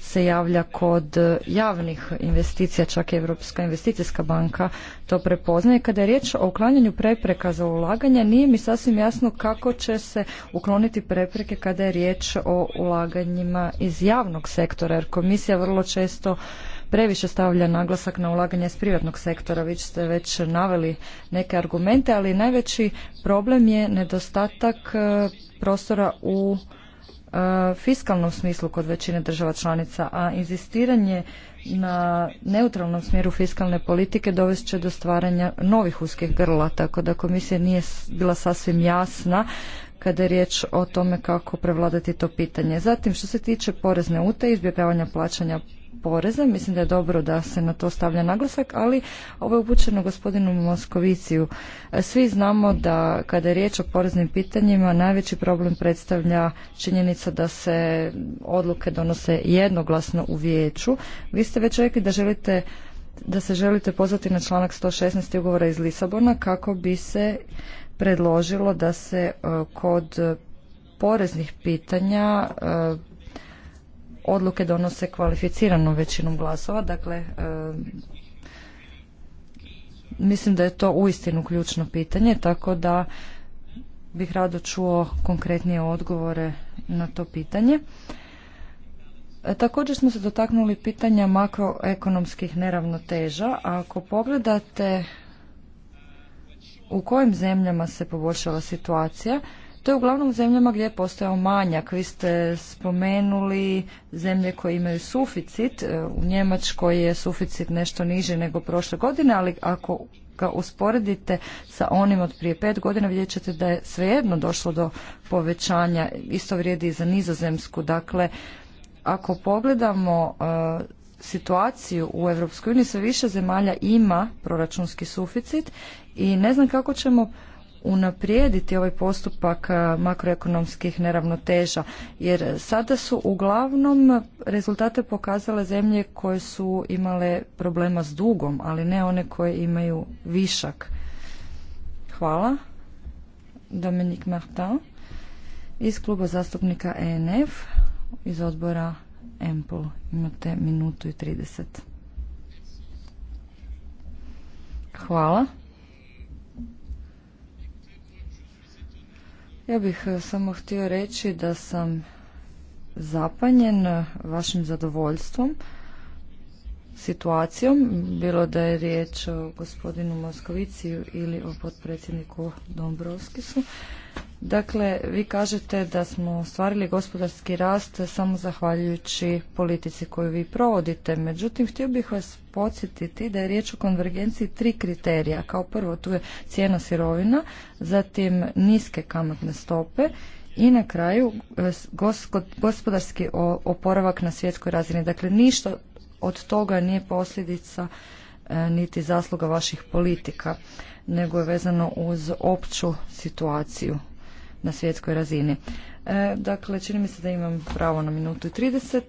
se javlja kod e, javnih investicija, čak i Europska investicijska banka to prepoznaje. Kada je riječ o uklanjanju prepreka za ulaganje, nije mi sasvim jasno kako će se ukloniti prepreke kada je riječ o ulaganjima iz javnog sektora, jer komisija vrlo često previše stavlja naglasak na ulaganje s privatnog sektora. Vi ste već naveli neke argumente, ali najveći problem je nedostatak e, prostora u e, fiskalnom smislu kod većine država članica, a inzistiranje na neutralnom smjeru fiskalne politike dovest će do stvaranja novih uskih grla, tako da komisija nije bila sasvim jasna kada je riječ o tome kako prevladati to pitanje. Zatim, što se tiče porezne ute, izbjegavanja plaćanja poreza. Mislim da je dobro da se na to stavlja naglasak, ali ovo je upućeno gospodinu Moskoviciju. Svi znamo da kada je riječ o poreznim pitanjima, najveći problem predstavlja činjenica da se odluke donose jednoglasno u vijeću. Vi ste već rekli da želite da se želite pozvati na članak 116. ugovora iz Lisabona kako bi se predložilo da se eh, kod poreznih pitanja eh, odluke donose kvalificiranom većinom glasova, dakle e, mislim da je to uistinu ključno pitanje, tako da bih rado čuo konkretnije odgovore na to pitanje. E, također smo se dotaknuli pitanja makroekonomskih neravnoteža. ako pogledate u kojim zemljama se poboljšala situacija, to je uglavnom zemljama gdje je postojao manjak. Vi ste spomenuli zemlje koje imaju suficit. E, u Njemačkoj je suficit nešto niži nego prošle godine, ali ako ga usporedite sa onim od prije pet godina vidjet ćete da je svejedno došlo do povećanja. Isto vrijedi i za nizozemsku. Dakle, ako pogledamo e, situaciju u Europskoj uniji, sve više zemalja ima proračunski suficit i ne znam kako ćemo unaprijediti ovaj postupak e, makroekonomskih neravnoteža jer sada su uglavnom rezultate pokazale zemlje koje su imale problema s dugom, ali ne one koje imaju višak. Hvala. Dominik Martin iz kluba zastupnika ENF iz odbora EMPL. Imate minutu i 30. Hvala. Ja bih e, samo htio reći da sam zapanjen e, vašim zadovoljstvom situacijom, bilo da je riječ o gospodinu Moskovici ili o potpredsjedniku Dombrovskisu. Dakle, vi kažete da smo ostvarili gospodarski rast samo zahvaljujući politici koju vi provodite. Međutim, htio bih vas podsjetiti da je riječ o konvergenciji tri kriterija. Kao prvo, tu je cijena sirovina, zatim niske kamatne stope i na kraju e, gospodarski oporavak na svjetskoj razini. Dakle, ništa od toga nije posljedica E, niti zasluga vaših politika, nego je vezano uz opću situaciju na svjetskoj razini. E, dakle, čini mi se da imam pravo na minutu i 30.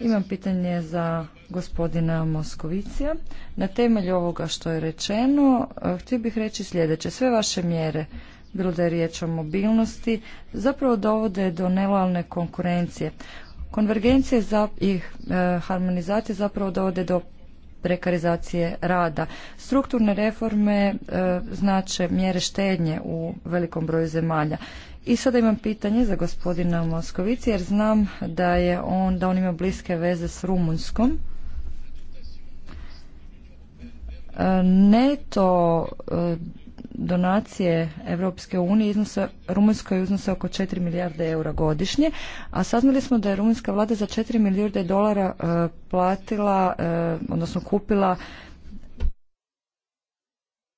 Imam pitanje za gospodina Moskovicija. Na temelju ovoga što je rečeno, e, htio bih reći sljedeće. Sve vaše mjere, bilo da je riječ o mobilnosti, zapravo dovode do nelojalne konkurencije. Konvergencije i e, harmonizacije zapravo dovode do prekarizacije rada. Strukturne reforme e, znače mjere štednje u velikom broju zemalja. I sada imam pitanje za gospodina Moskovici jer znam da je on, da on ima bliske veze s Rumunjskom. E, neto e, donacije Europske unije iznose, Rumunjskoj iznose oko 4 milijarde eura godišnje, a saznali smo da je rumunjska vlada za 4 milijarde dolara e, platila, e, odnosno kupila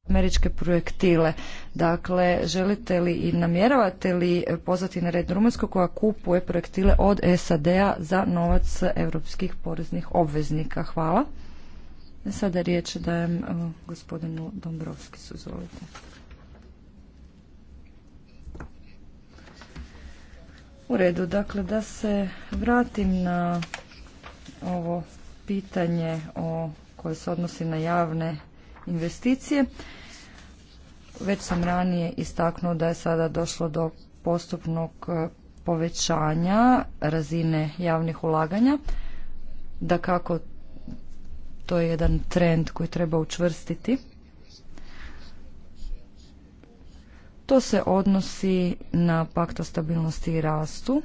američke projektile. Dakle, želite li i namjeravate li pozvati na red Rumunjsku koja kupuje projektile od SAD-a za novac europskih poreznih obveznika? Hvala. Sada riječ dajem gospodinu Dombrovskisu, izvolite. U redu, dakle da se vratim na ovo pitanje o koje se odnosi na javne investicije. Već sam ranije istaknuo da je sada došlo do postupnog e, povećanja razine javnih ulaganja. Da kako to je jedan trend koji treba učvrstiti. To se odnosi na pakt o stabilnosti i rastu.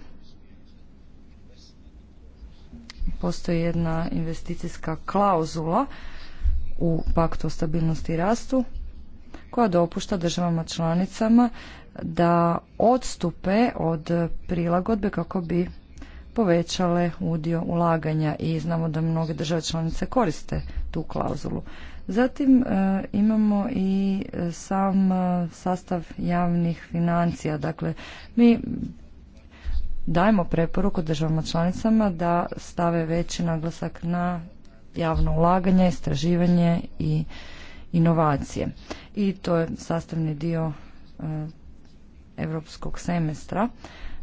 Postoji jedna investicijska klauzula u paktu o stabilnosti i rastu koja dopušta državama članicama da odstupe od prilagodbe kako bi povećale udio ulaganja i znamo da mnoge države članice koriste tu klauzulu. Zatim e, imamo i e, sam e, sastav javnih financija. Dakle, mi dajemo preporuku državama članicama da stave veći naglasak na javno ulaganje, istraživanje i inovacije. I to je sastavni dio europskog semestra.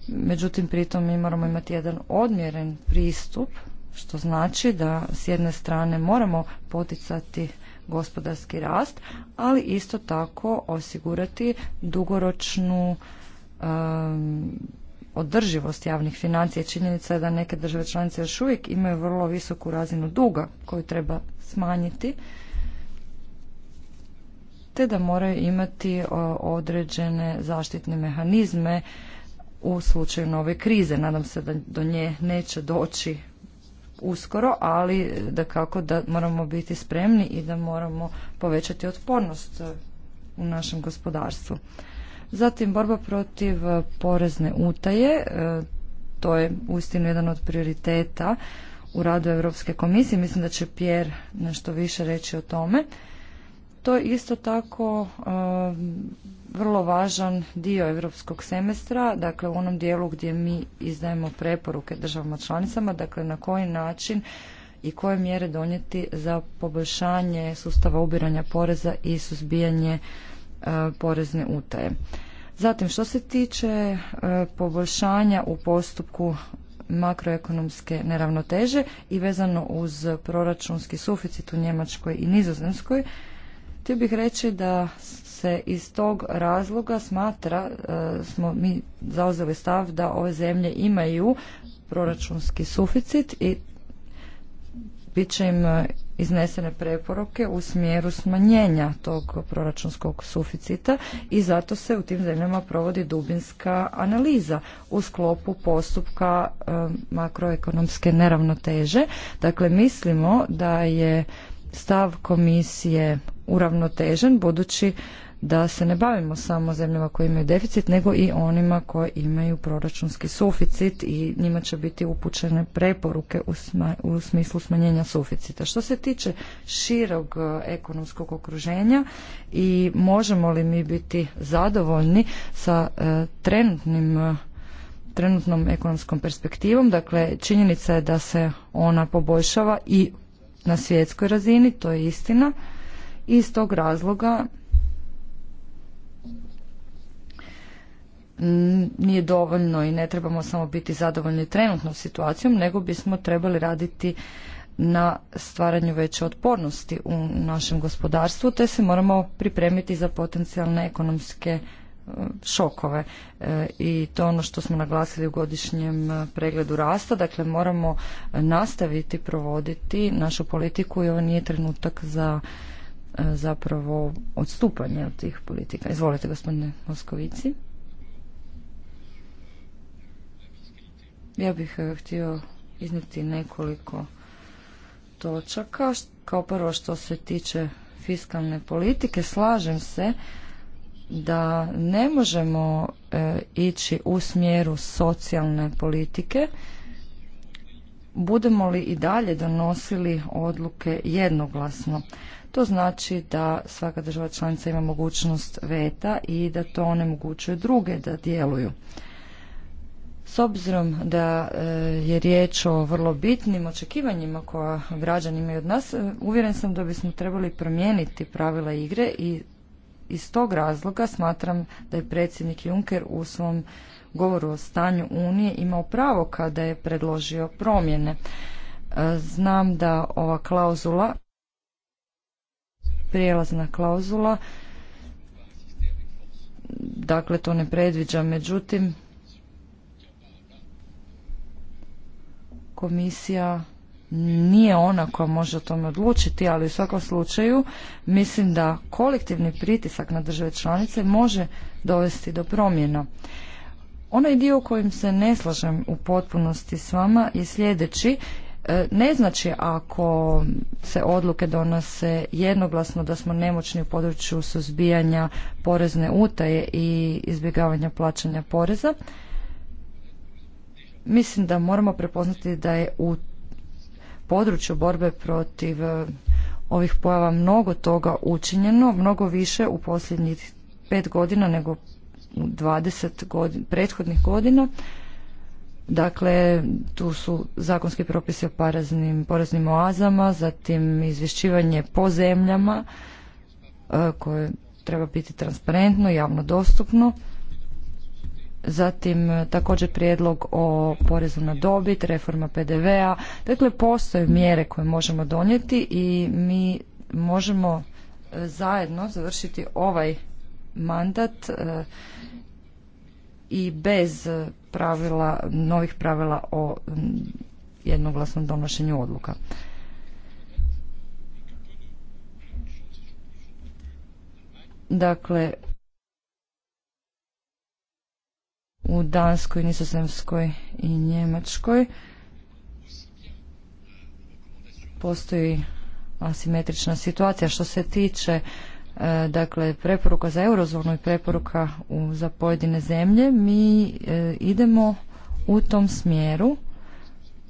Međutim, pritom mi moramo imati jedan odmjeren pristup, što znači da s jedne strane moramo poticati gospodarski rast, ali isto tako osigurati dugoročnu održivost javnih financija. Činjenica je da neke države članice još uvijek imaju vrlo visoku razinu duga koju treba smanjiti, te da moraju imati određene zaštitne mehanizme u slučaju nove krize. Nadam se da do nje neće doći uskoro, ali da kako da moramo biti spremni i da moramo povećati otpornost u našem gospodarstvu. Zatim borba protiv porezne utaje, e, to je uistinu jedan od prioriteta u radu Europske komisije. Mislim da će Pierre nešto više reći o tome. To je isto tako um, vrlo važan dio europskog semestra, dakle u onom dijelu gdje mi izdajemo preporuke državama članicama, dakle na koji način i koje mjere donijeti za poboljšanje sustava ubiranja poreza i suzbijanje uh, porezne utaje. Zatim, što se tiče uh, poboljšanja u postupku makroekonomske neravnoteže i vezano uz proračunski suficit u Njemačkoj i Nizozemskoj, Htio bih reći da se iz tog razloga smatra, e, smo mi zauzeli stav da ove zemlje imaju proračunski suficit i bit će im e, iznesene preporuke u smjeru smanjenja tog proračunskog suficita i zato se u tim zemljama provodi dubinska analiza u sklopu postupka e, makroekonomske neravnoteže. Dakle, mislimo da je stav komisije uravnotežen budući da se ne bavimo samo zemljama koje imaju deficit nego i onima koje imaju proračunski suficit i njima će biti upućene preporuke u, smislu smanjenja suficita. Što se tiče širog e, ekonomskog okruženja i možemo li mi biti zadovoljni sa e, trenutnim e, trenutnom ekonomskom perspektivom, dakle činjenica je da se ona poboljšava i na svjetskoj razini, to je istina iz tog razloga nije dovoljno i ne trebamo samo biti zadovoljni trenutnom situacijom, nego bismo trebali raditi na stvaranju veće otpornosti u našem gospodarstvu, te se moramo pripremiti za potencijalne ekonomske e, šokove e, i to ono što smo naglasili u godišnjem e, pregledu rasta, dakle moramo nastaviti provoditi našu politiku i ovo nije trenutak za E, zapravo odstupanje od tih politika. Izvolite, gospodine Moskovici. Ja bih e, htio iznijeti nekoliko točaka. Kao prvo što se tiče fiskalne politike, slažem se da ne možemo e, ići u smjeru socijalne politike budemo li i dalje donosili odluke jednoglasno to znači da svaka država članica ima mogućnost veta i da to onemogućuje druge da djeluju. S obzirom da eh, je riječ o vrlo bitnim očekivanjima koja građani imaju od nas, eh, uvjeren sam da bismo trebali promijeniti pravila igre i iz tog razloga smatram da je predsjednik Juncker u svom govoru o stanju Unije imao pravo kada je predložio promjene. Eh, znam da ova klauzula prijelazna klauzula. Dakle, to ne predviđa. Međutim, komisija nije ona koja može o tome odlučiti, ali u svakom slučaju mislim da kolektivni pritisak na države članice može dovesti do promjena. Onaj dio u kojim se ne slažem u potpunosti s vama je sljedeći E, ne znači ako se odluke donose jednoglasno da smo nemoćni u području suzbijanja porezne utaje i izbjegavanja plaćanja poreza. Mislim da moramo prepoznati da je u području borbe protiv e, ovih pojava mnogo toga učinjeno, mnogo više u posljednjih pet godina nego u 20 prethodnih godina Dakle, tu su zakonski propisi o paraznim, poreznim oazama, zatim izvješćivanje po zemljama e, koje treba biti transparentno, javno dostupno. Zatim e, također prijedlog o porezu na dobit, reforma PDV-a. Dakle, postoje mjere koje možemo donijeti i mi možemo e, zajedno završiti ovaj mandat i bez pravila, novih pravila o jednoglasnom donošenju odluka. Dakle, u Danskoj, Nizozemskoj i Njemačkoj postoji asimetrična situacija. Što se tiče E, dakle preporuka za eurozonu i preporuka u, za pojedine zemlje, mi e, idemo u tom smjeru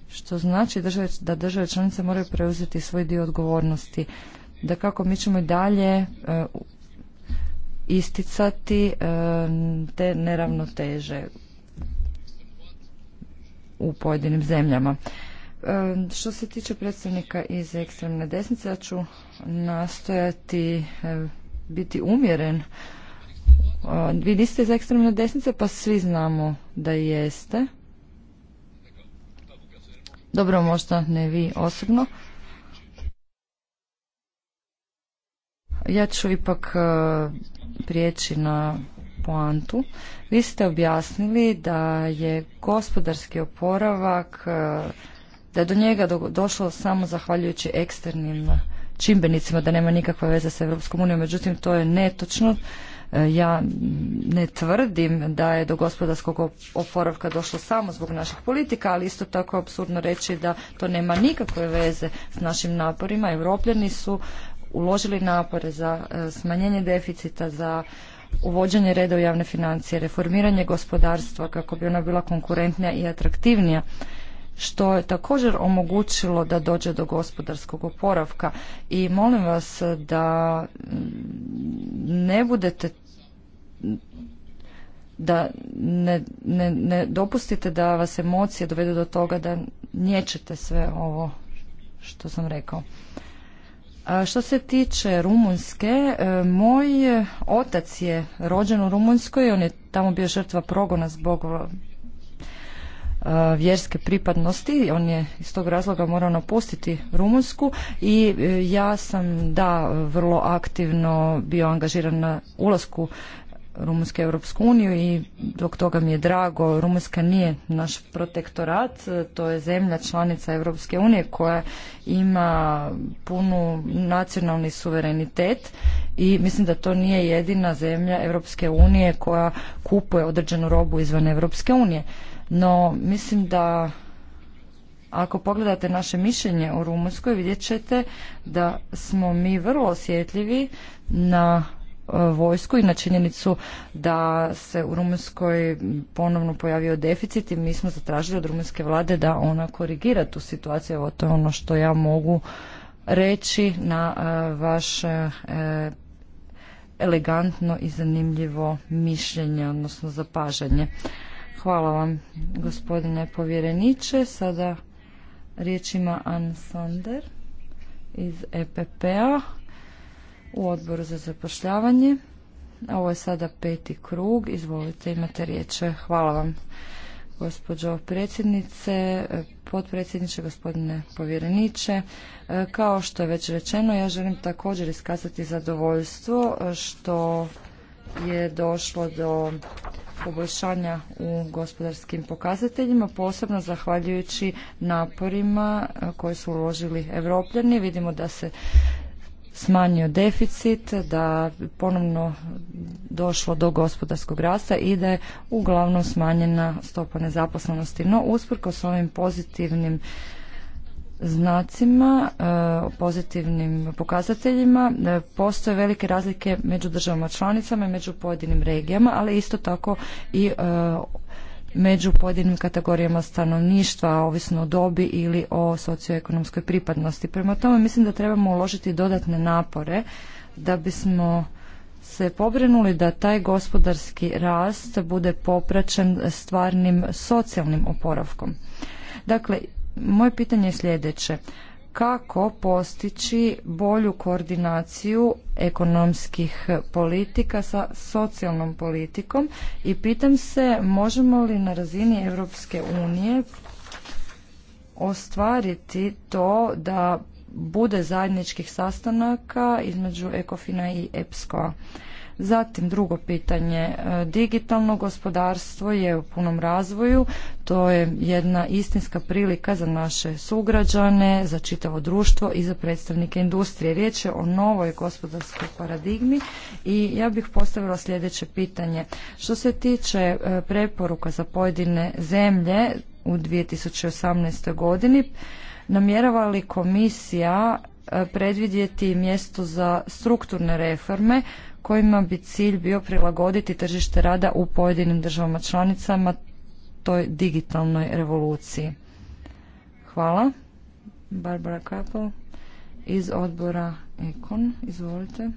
što znači države, da države članice moraju preuzeti svoj dio odgovornosti. Da kako mi ćemo i dalje e, isticati te neravnoteže u pojedinim zemljama. E, što se tiče predstavnika iz ekstremne desnice, ja ću nastojati e, biti umjeren. E, vi niste iz ekstremne desnice, pa svi znamo da jeste. Dobro, možda ne vi osobno. Ja ću ipak prijeći na poantu. Vi ste objasnili da je gospodarski oporavak da je do njega došlo samo zahvaljujući eksternim eh, čimbenicima, da nema nikakve veze sa Europskom unijom. Međutim, to je netočno. Eh, ja ne tvrdim da je do gospodarskog oporavka došlo samo zbog naših politika, ali isto tako je absurdno reći da to nema nikakve veze s našim naporima. Europljani su uložili napore za eh, smanjenje deficita, za uvođenje reda u javne financije, reformiranje gospodarstva kako bi ona bila konkurentnija i atraktivnija što je također omogućilo da dođe do gospodarskog oporavka i molim vas da mm, ne budete da ne, ne, ne dopustite da vas emocije dovedu do toga da nječete sve ovo što sam rekao. A što se tiče Rumunske, e, moj otac je rođen u Rumunskoj, on je tamo bio žrtva progona zbog E, vjerske pripadnosti. On je iz tog razloga morao napustiti Rumunjsku i e, ja sam da vrlo aktivno bio angažiran na ulasku Rumunske Europsku uniju i dok toga mi je drago, Rumunjska nije naš protektorat, e, to je zemlja članica Europske unije koja ima punu nacionalni suverenitet i mislim da to nije jedina zemlja Europske unije koja kupuje određenu robu izvan Europske unije. No, mislim da ako pogledate naše mišljenje o Rumunjskoj, vidjet ćete da smo mi vrlo osjetljivi na e, vojsku i na činjenicu da se u Rumunjskoj ponovno pojavio deficit i mi smo zatražili od rumunjske vlade da ona korigira tu situaciju. Evo to je ono što ja mogu reći na e, vaše elegantno i zanimljivo mišljenje, odnosno zapažanje. Hvala vam, gospodine povjereniče. Sada riječ ima Ann Sander iz EPP-a u odboru za zapošljavanje. Ovo je sada peti krug. Izvolite, imate riječe. Hvala vam, gospođo predsjednice, potpredsjedniče, gospodine povjereniče. Kao što je već rečeno, ja želim također iskazati zadovoljstvo što je došlo do poboljšanja u gospodarskim pokazateljima, posebno zahvaljujući naporima eh, koje su uložili evropljani. Vidimo da se smanjio deficit, da ponovno došlo do gospodarskog rasta i da je uglavnom smanjena stopa nezaposlenosti. No, usprkos ovim pozitivnim znacima, e, pozitivnim pokazateljima, e, postoje velike razlike među državama članicama i među pojedinim regijama, ali isto tako i e, među pojedinim kategorijama stanovništva, ovisno o dobi ili o socioekonomskoj pripadnosti. Prema tome mislim da trebamo uložiti dodatne napore da bismo se pobrinuli da taj gospodarski rast bude popraćen stvarnim socijalnim oporavkom. Dakle, moje pitanje je sljedeće. Kako postići bolju koordinaciju ekonomskih politika sa socijalnom politikom i pitam se možemo li na razini Europske unije ostvariti to da bude zajedničkih sastanaka između Ekofina i epsco a Zatim drugo pitanje, e, digitalno gospodarstvo je u punom razvoju, to je jedna istinska prilika za naše sugrađane, za čitavo društvo i za predstavnike industrije. Riječ je o novoj gospodarskoj paradigmi i ja bih postavila sljedeće pitanje. Što se tiče e, preporuka za pojedine zemlje u 2018. godini, namjerava li komisija e, predvidjeti mjesto za strukturne reforme kojima bi cilj bio prilagoditi tržište rada u pojedinim državama članicama toj digitalnoj revoluciji. Hvala. Barbara Kapel iz odbora Ekon, izvolite.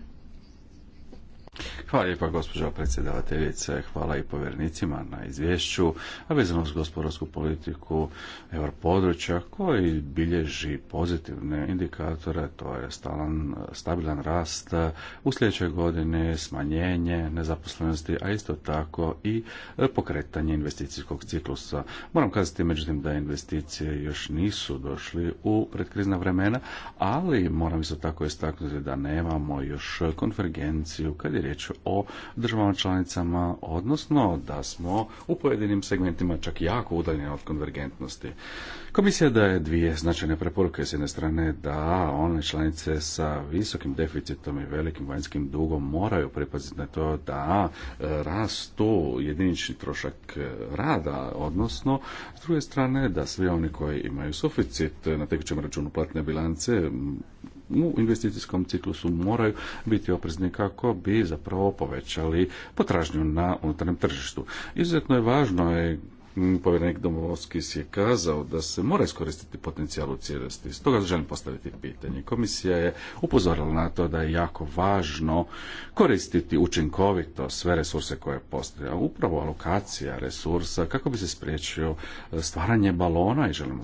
Hvala lijepa gospođo predsjedavateljice, hvala i povjernicima na izvješću, a vezano s gospodarsku politiku europodručja koji bilježi pozitivne indikatore, to je stalan, stabilan rast u sljedećoj godini, smanjenje nezaposlenosti, a isto tako i pokretanje investicijskog ciklusa. Moram kazati međutim da investicije još nisu došli u predkrizna vremena, ali moram isto tako istaknuti da nemamo još konvergenciju kad je riječ o državama članicama, odnosno da smo u pojedinim segmentima čak jako udaljeni od konvergentnosti. Komisija daje dvije značajne preporuke. S jedne strane da one članice sa visokim deficitom i velikim vanjskim dugom moraju pripaziti na to da e, rastu jedinični trošak e, rada, odnosno s druge strane da svi oni koji imaju suficit na tekućem računu platne bilance u investicijskom ciklusu moraju biti oprezni kako bi zapravo povećali potražnju na unutarnjem tržištu. Izuzetno je važno je povjerenik Domovskis je kazao da se mora iskoristiti potencijal u cijelosti. Stoga želim postaviti pitanje. Komisija je upozorila na to da je jako važno koristiti učinkovito sve resurse koje postoje. Upravo alokacija resursa kako bi se spriječio stvaranje balona i želimo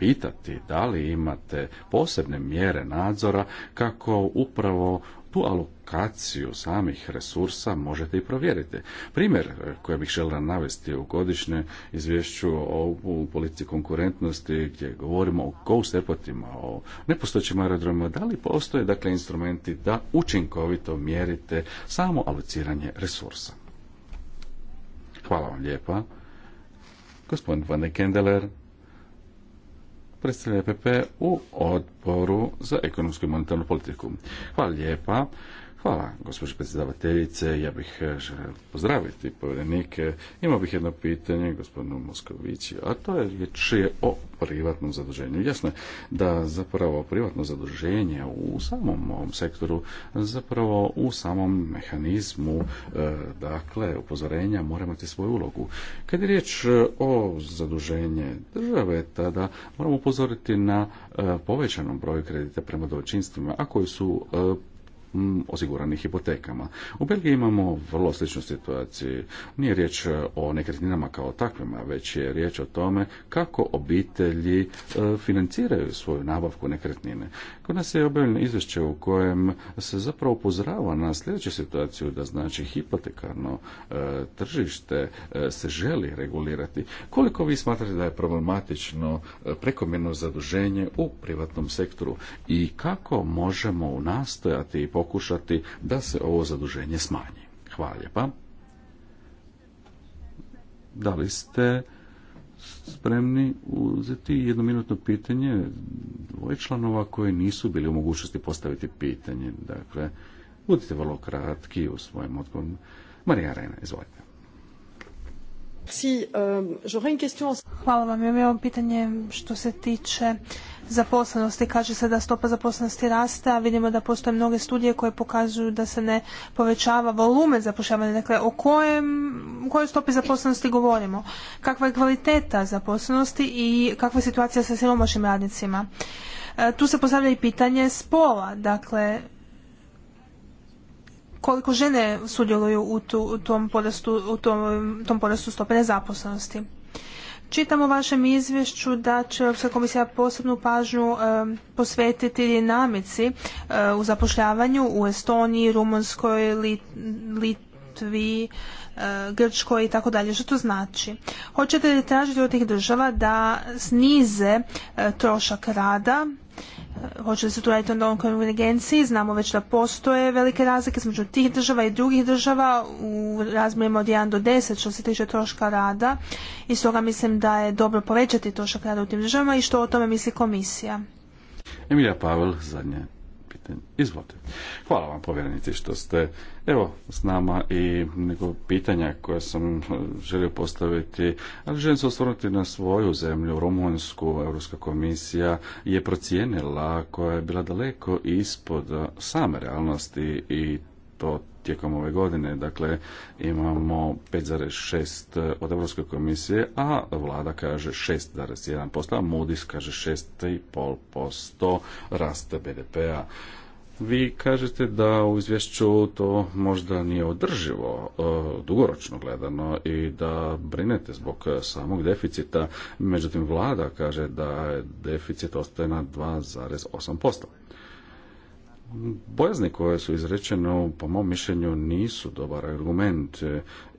pitati da li imate posebne mjere nadzora kako upravo tu alokaciju samih resursa možete i provjeriti. Primjer koji bih želio navesti u godišnjem izvješću o politici konkurentnosti gdje govorimo o ghost airportima, o nepostojećim aerodromima, da li postoje dakle instrumenti da učinkovito mjerite samo alociranje resursa. Hvala vam lijepa. Gospodin Van de Kendeler, predstavlja EPP u odboru za ekonomsku i monetarnu politiku. Hvala lijepa. Hvala, gospođo predsjedavateljice. Ja bih e, želio pozdraviti povjerenike. Imao bih jedno pitanje gospodinu Moskovići, a to je riječ je o privatnom zaduženju. Jasno je da zapravo privatno zaduženje u samom ovom sektoru, zapravo u samom mehanizmu, e, dakle, upozorenja mora imati svoju ulogu. Kad je riječ e, o zaduženje države, tada moramo upozoriti na povećanom broju kredita prema domaćinstvima, a koji su osiguranih hipotekama. U Belgiji imamo vrlo sličnu situaciju. Nije riječ o nekretninama kao takvima, već je riječ o tome kako obitelji e, financiraju svoju nabavku nekretnine. Kod nas je objavljeno izvješće u kojem se zapravo upozorava na sljedeću situaciju da znači hipotekarno e, tržište e, se želi regulirati. Koliko vi smatrate da je problematično e, prekomjerno zaduženje u privatnom sektoru i kako možemo nastojati i pokušati da se ovo zaduženje smanji? Hvala lijepa. Da li ste spremni uzeti jednominutno pitanje dvoje članova koji nisu bili u mogućnosti postaviti pitanje. Dakle, budite vrlo kratki u svojem odgovoru. Marija Rena, izvolite. Euh, Hvala vam. imam pitanje što se tiče zaposlenosti. Kaže se da stopa zaposlenosti raste, a vidimo da postoje mnoge studije koje pokazuju da se ne povećava volumen zapošljavanja. Dakle, o kojoj stopi zaposlenosti govorimo? Kakva je kvaliteta zaposlenosti i kakva je situacija sa siromašnim radnicima? E, tu se postavlja i pitanje spola. Dakle, koliko žene sudjeluju u, tom u tom, tom porastu stope nezaposlenosti. Čitam u vašem izvješću da će Europska komisija posebnu pažnju e, posvetiti dinamici e, u zapošljavanju u Estoniji, Rumunskoj, Litvi, e, Grčkoj i tako dalje. Što to znači? Hoćete li tražiti od tih država da snize trošak rada hoće li se tu raditi o konvergenciji, znamo već da postoje velike razlike između tih država i drugih država u razmjerima od 1 do 10 što se tiče troška rada i stoga mislim da je dobro povećati trošak rada u tim državama i što o tome misli komisija. Emilija Pavel, zadnje pitanje. Hvala vam povjerenici što ste evo s nama i neko pitanja koje sam želio postaviti, ali želim se osvrnuti na svoju zemlju, Rumunjsku. Europska komisija je procijenila koja je bila daleko ispod same realnosti i to tijekom ove godine. Dakle, imamo 5,6 od Europske komisije, a vlada kaže 6,1%, a Moody's kaže 6,5% rasta BDP-a. Vi kažete da u izvješću to možda nije održivo e, dugoročno gledano i da brinete zbog samog deficita, međutim vlada kaže da deficit ostaje na 2,8% bojazni koje su izrečene po mom mišljenju nisu dobar argument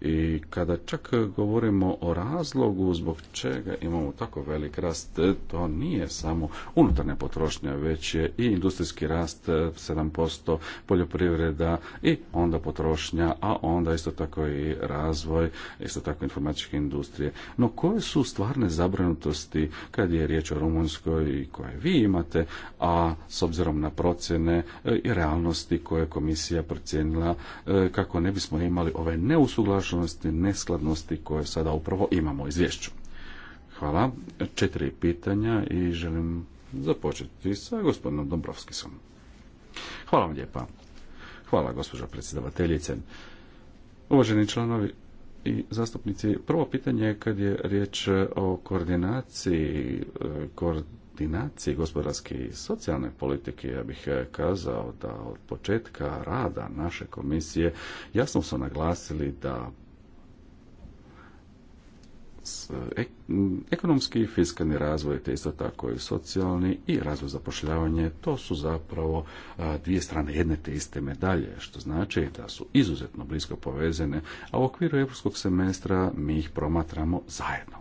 i kada čak govorimo o razlogu zbog čega imamo tako velik rast, to nije samo unutarnja potrošnja, već je i industrijski rast 7%, e, poljoprivreda i onda potrošnja, a onda isto tako i razvoj, isto tako informatičke industrije. No koje su stvarne zabrinutosti kad je riječ o Rumunjskoj i koje vi imate, a s obzirom na procjene e, i realnosti koje je komisija procijenila e, kako ne bismo imali ove neusuglaš neskladnosti koje sada upravo imamo u izvješću. Hvala. Četiri pitanja i želim započeti sa gospodinom Dombrovskisom. Hvala vam lijepa. Hvala, gospođo predsjedavateljice. Uvaženi članovi i zastupnici, prvo pitanje je kad je riječ o koordinaciji e, koordinacije gospodarske i socijalne politike, ja bih eh, kazao da od početka rada naše komisije jasno su naglasili da eh, ekonomski i fiskalni razvoj, te isto tako i socijalni i razvoj zapošljavanje to su zapravo eh, dvije strane jedne te iste medalje, što znači da su izuzetno blisko povezane, a u okviru europskog semestra mi ih promatramo zajedno.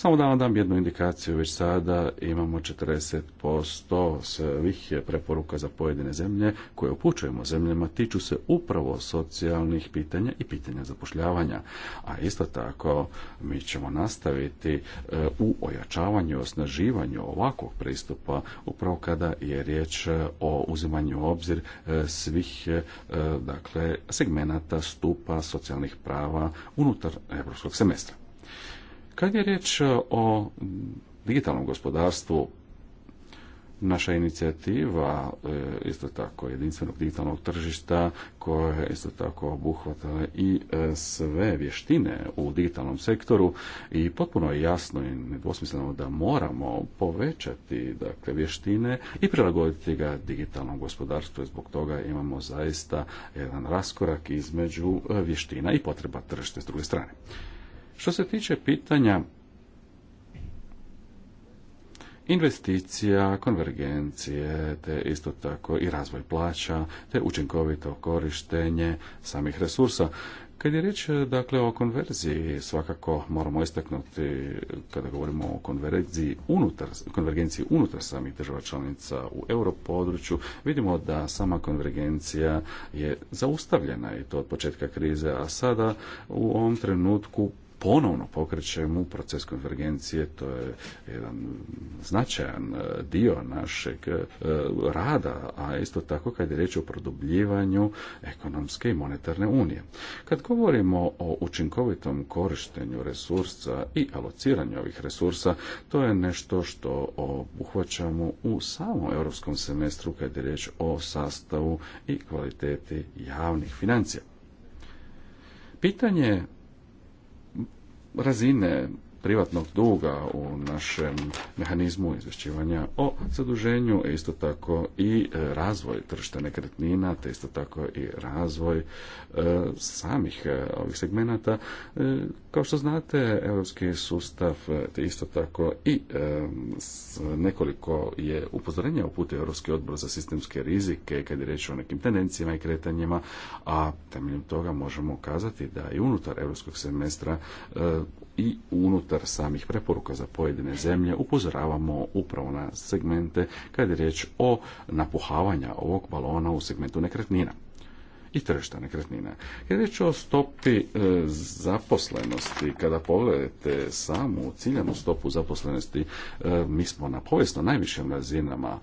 Samo da vam dam jednu indikaciju, već sada imamo 40% svih preporuka za pojedine zemlje koje upućujemo zemljama tiču se upravo socijalnih pitanja i pitanja zapošljavanja. A isto tako mi ćemo nastaviti eh, u ojačavanju i osnaživanju ovakvog pristupa upravo kada je riječ eh, o uzimanju u obzir eh, svih dakle, segmenata stupa socijalnih prava unutar europskog semestra. Kad je riječ e, o digitalnom gospodarstvu, naša inicijativa e, isto tako jedinstvenog digitalnog tržišta koja isto tako obuhvatila i e, sve vještine u digitalnom sektoru i potpuno je jasno i nedvosmisleno da moramo povećati dakle vještine i prilagoditi ga digitalnom gospodarstvu i zbog toga imamo zaista jedan raskorak između vještina i potreba tržište s druge strane. Što se tiče pitanja investicija, konvergencije, te isto tako i razvoj plaća, te učinkovito korištenje samih resursa. Kad je riječ dakle o konverziji, svakako moramo istaknuti kada govorimo o konverziji konvergenciji unutar samih država članica u europodručju, vidimo da sama konvergencija je zaustavljena i to od početka krize, a sada u ovom trenutku ponovno pokrećemo proces konvergencije, to je jedan značajan e, dio našeg e, rada, a isto tako kad je riječ o produbljivanju ekonomske i monetarne unije. Kad govorimo o učinkovitom korištenju resursa i alociranju ovih resursa, to je nešto što obuhvaćamo u samom europskom semestru kad je riječ o sastavu i kvaliteti javnih financija. Pitanje razine privatnog duga u našem mehanizmu izvješćivanja o zaduženju, isto tako i e, razvoj tržišta nekretnina, te isto tako i razvoj e, samih e, ovih segmenata. kao što znate, europski sustav, te isto tako i nekoliko je upozorenja uputio Europski odbor za sistemske rizike kad je reč o nekim tendencijama i kretanjima, a temeljem toga možemo ukazati da i unutar europskog semestra i unutar samih preporuka za pojedine zemlje upozoravamo upravo na segmente kad je riječ o napuhavanja ovog balona u segmentu nekretnina i tržišta nekretnina. Kada je riječ o stopi e, zaposlenosti, kada pogledate samu ciljanu stopu zaposlenosti, e, mi smo na povijesno najvišim razinama,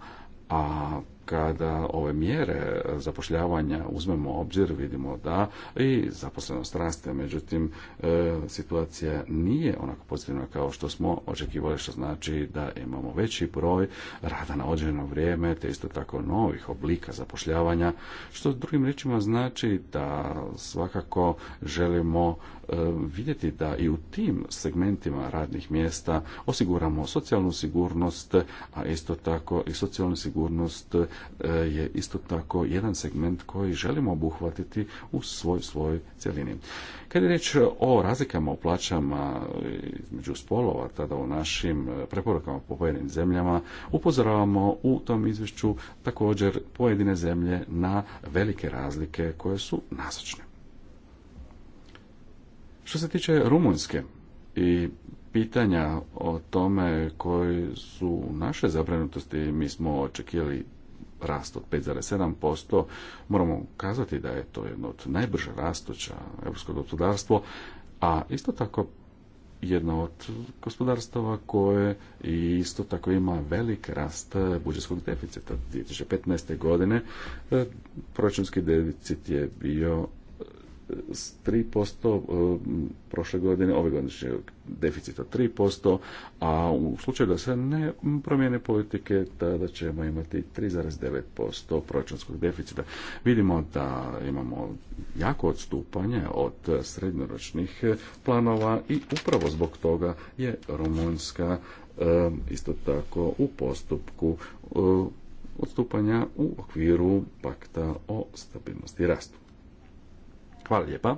a kada ove mjere zapošljavanja uzmemo u obzir, vidimo da i zaposlenost raste, međutim e, situacija nije onako pozitivna kao što smo očekivali, što znači da imamo veći broj rada na određeno vrijeme, te isto tako novih oblika zapošljavanja, što drugim riječima znači da svakako želimo e, vidjeti da i u tim segmentima radnih mjesta osiguramo socijalnu sigurnost, a isto tako i socijalnu sigurnost E, je isto tako jedan segment koji želimo obuhvatiti u svoj svojoj cjelini. Kad je riječ o razlikama u plaćama između spolova, tada u našim e, preporukama po pojedinim zemljama, upozoravamo u tom izvješću također pojedine zemlje na velike razlike koje su nasočne. Što se tiče Rumunjske i pitanja o tome koji su naše zabrinutosti, mi smo očekivali rast od 5,7%, moramo kazati da je to jedno od najbrže rastuća europsko gospodarstvo, a isto tako jedno od gospodarstava koje isto tako ima velik rast budžetskog deficita 2015. godine. E, proračunski deficit je bio 3% e, prošle godine, ove godine će deficit od 3%, a u slučaju da se ne promijene politike, tada ćemo imati 3,9% proračunskog deficita. Vidimo da imamo jako odstupanje od srednjoročnih planova i upravo zbog toga je Rumunjska e, isto tako u postupku e, odstupanja u okviru pakta o stabilnosti i rastu. Hvala lijepa.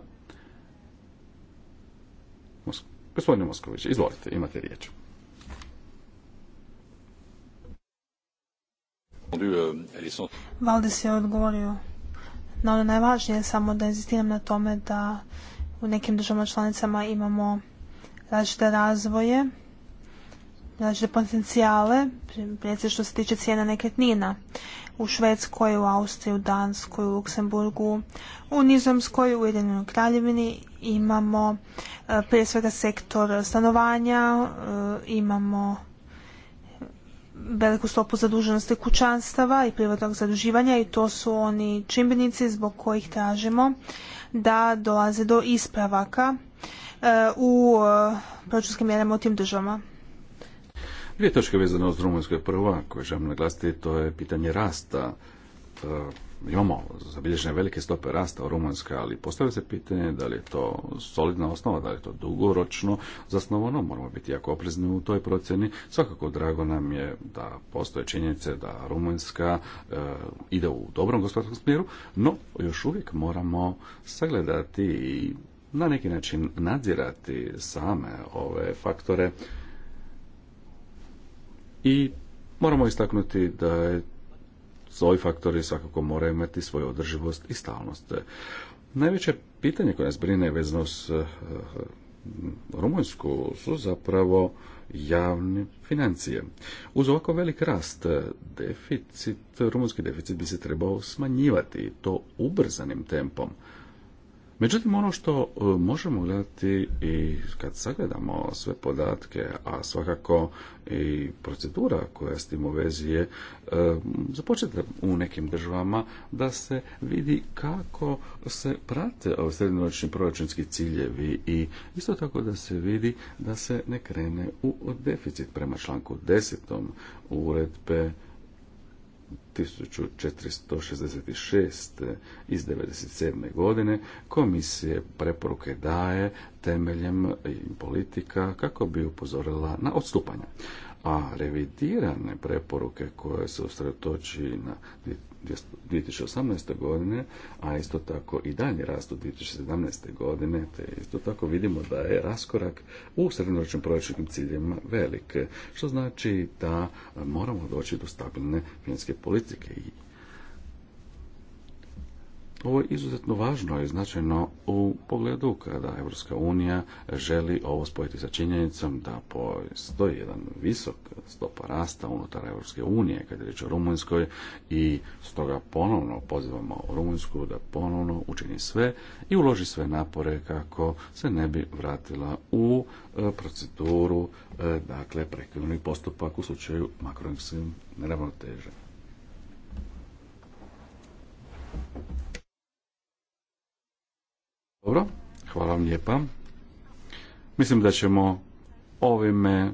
Gospodine izvolite, imate riječ. Valdis je odgovorio na ono najvažnije, samo da insistiram na tome da u nekim državama članicama imamo različite razvoje, različite potencijale, prije što se tiče cijena nekretnina u Švedskoj, u Austriji, u Danskoj, u Luksemburgu, u Nizomskoj, u Ujedinjenoj Kraljevini imamo e, prije svega sektor stanovanja, e, imamo veliku stopu zaduženosti kućanstava i privatnog zaduživanja i to su oni čimbenici zbog kojih tražimo da dolaze do ispravaka e, u proračunskim mjerama u tim državama. Dvije točke vezane uz Rumunjskoj prva koje želim naglasiti, to je pitanje rasta. E, imamo zabilježene velike stope rasta u Rumunjskoj, ali postavlja se pitanje da li je to solidna osnova, da li je to dugoročno zasnovano, moramo biti jako oprezni u toj procjeni. Svakako drago nam je da postoje činjenice da Rumunjska e, ide u dobrom gospodarskom smjeru, no još uvijek moramo sagledati i na neki način nadzirati same ove faktore i moramo istaknuti da je ovi faktori svakako moraju imati svoju održivost i stalnost. Najveće pitanje koje nas brine vezano s eh, eh, Rumunjsku su zapravo javne financije. Uz ovako velik rast, eh, deficit, rumunski deficit bi se trebao smanjivati to ubrzanim tempom. Međutim, ono što e, možemo gledati i kad sagledamo sve podatke, a svakako i procedura koja s tim u vezi je e, u nekim državama, da se vidi kako se prate srednjoročni proračunski ciljevi i isto tako da se vidi da se ne krene u deficit prema članku desetom uredbe 1466 iz 1997. godine komisije preporuke daje temeljem politika kako bi upozorila na odstupanja a revidirane preporuke koje se usredotoči na 2018. godine, a isto tako i dalje rast u 2017. godine, te isto tako vidimo da je raskorak u srednjoročnim proračunskim ciljevima velik, što znači da moramo doći do stabilne financijske politike i ovo je izuzetno važno i značajno u pogledu kada Evropska unija želi ovo spojiti sa činjenicom da postoji jedan visok stopa rasta unutar Evropske unije kada je riječ o Rumunjskoj i stoga ponovno pozivamo Rumunjsku da ponovno učini sve i uloži sve napore kako se ne bi vratila u e, proceduru e, dakle prekrivni postupak u slučaju makroekonomske neravnoteže. Dobro, hvala vam lijepa. Mislim da ćemo ovime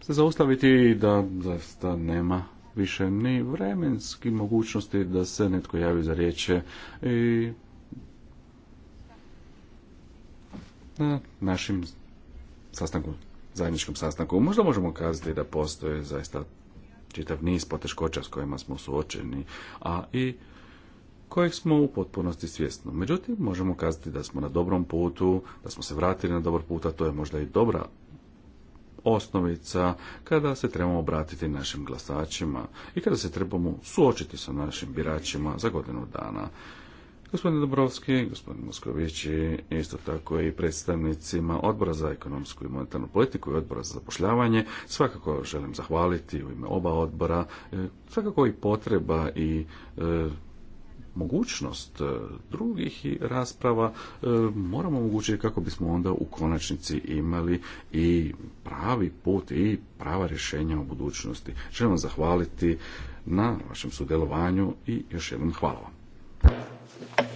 se zaustaviti i da zaista nema više ni vremenski mogućnosti da se netko javi za riječe i na našim sastanku, zajedničkom sastanku. Možda možemo kazati da postoje zaista čitav niz poteškoća s kojima smo suočeni, a i kojeg smo u potpunosti svjesni. Međutim, možemo kazati da smo na dobrom putu, da smo se vratili na dobar put, a to je možda i dobra osnovica kada se trebamo obratiti našim glasačima i kada se trebamo suočiti sa našim biračima za godinu dana. Gospodin Dobrovski, gospodin Moskovići, isto tako i predstavnicima Odbora za ekonomsku i monetarnu politiku i Odbora za zapošljavanje, svakako želim zahvaliti u ime oba odbora, e, svakako i potreba i e, mogućnost e, drugih rasprava e, moramo omogućiti kako bismo onda u konačnici imali i pravi put i prava rješenja o budućnosti. Želim vam zahvaliti na vašem sudjelovanju i još jednom hvala vam.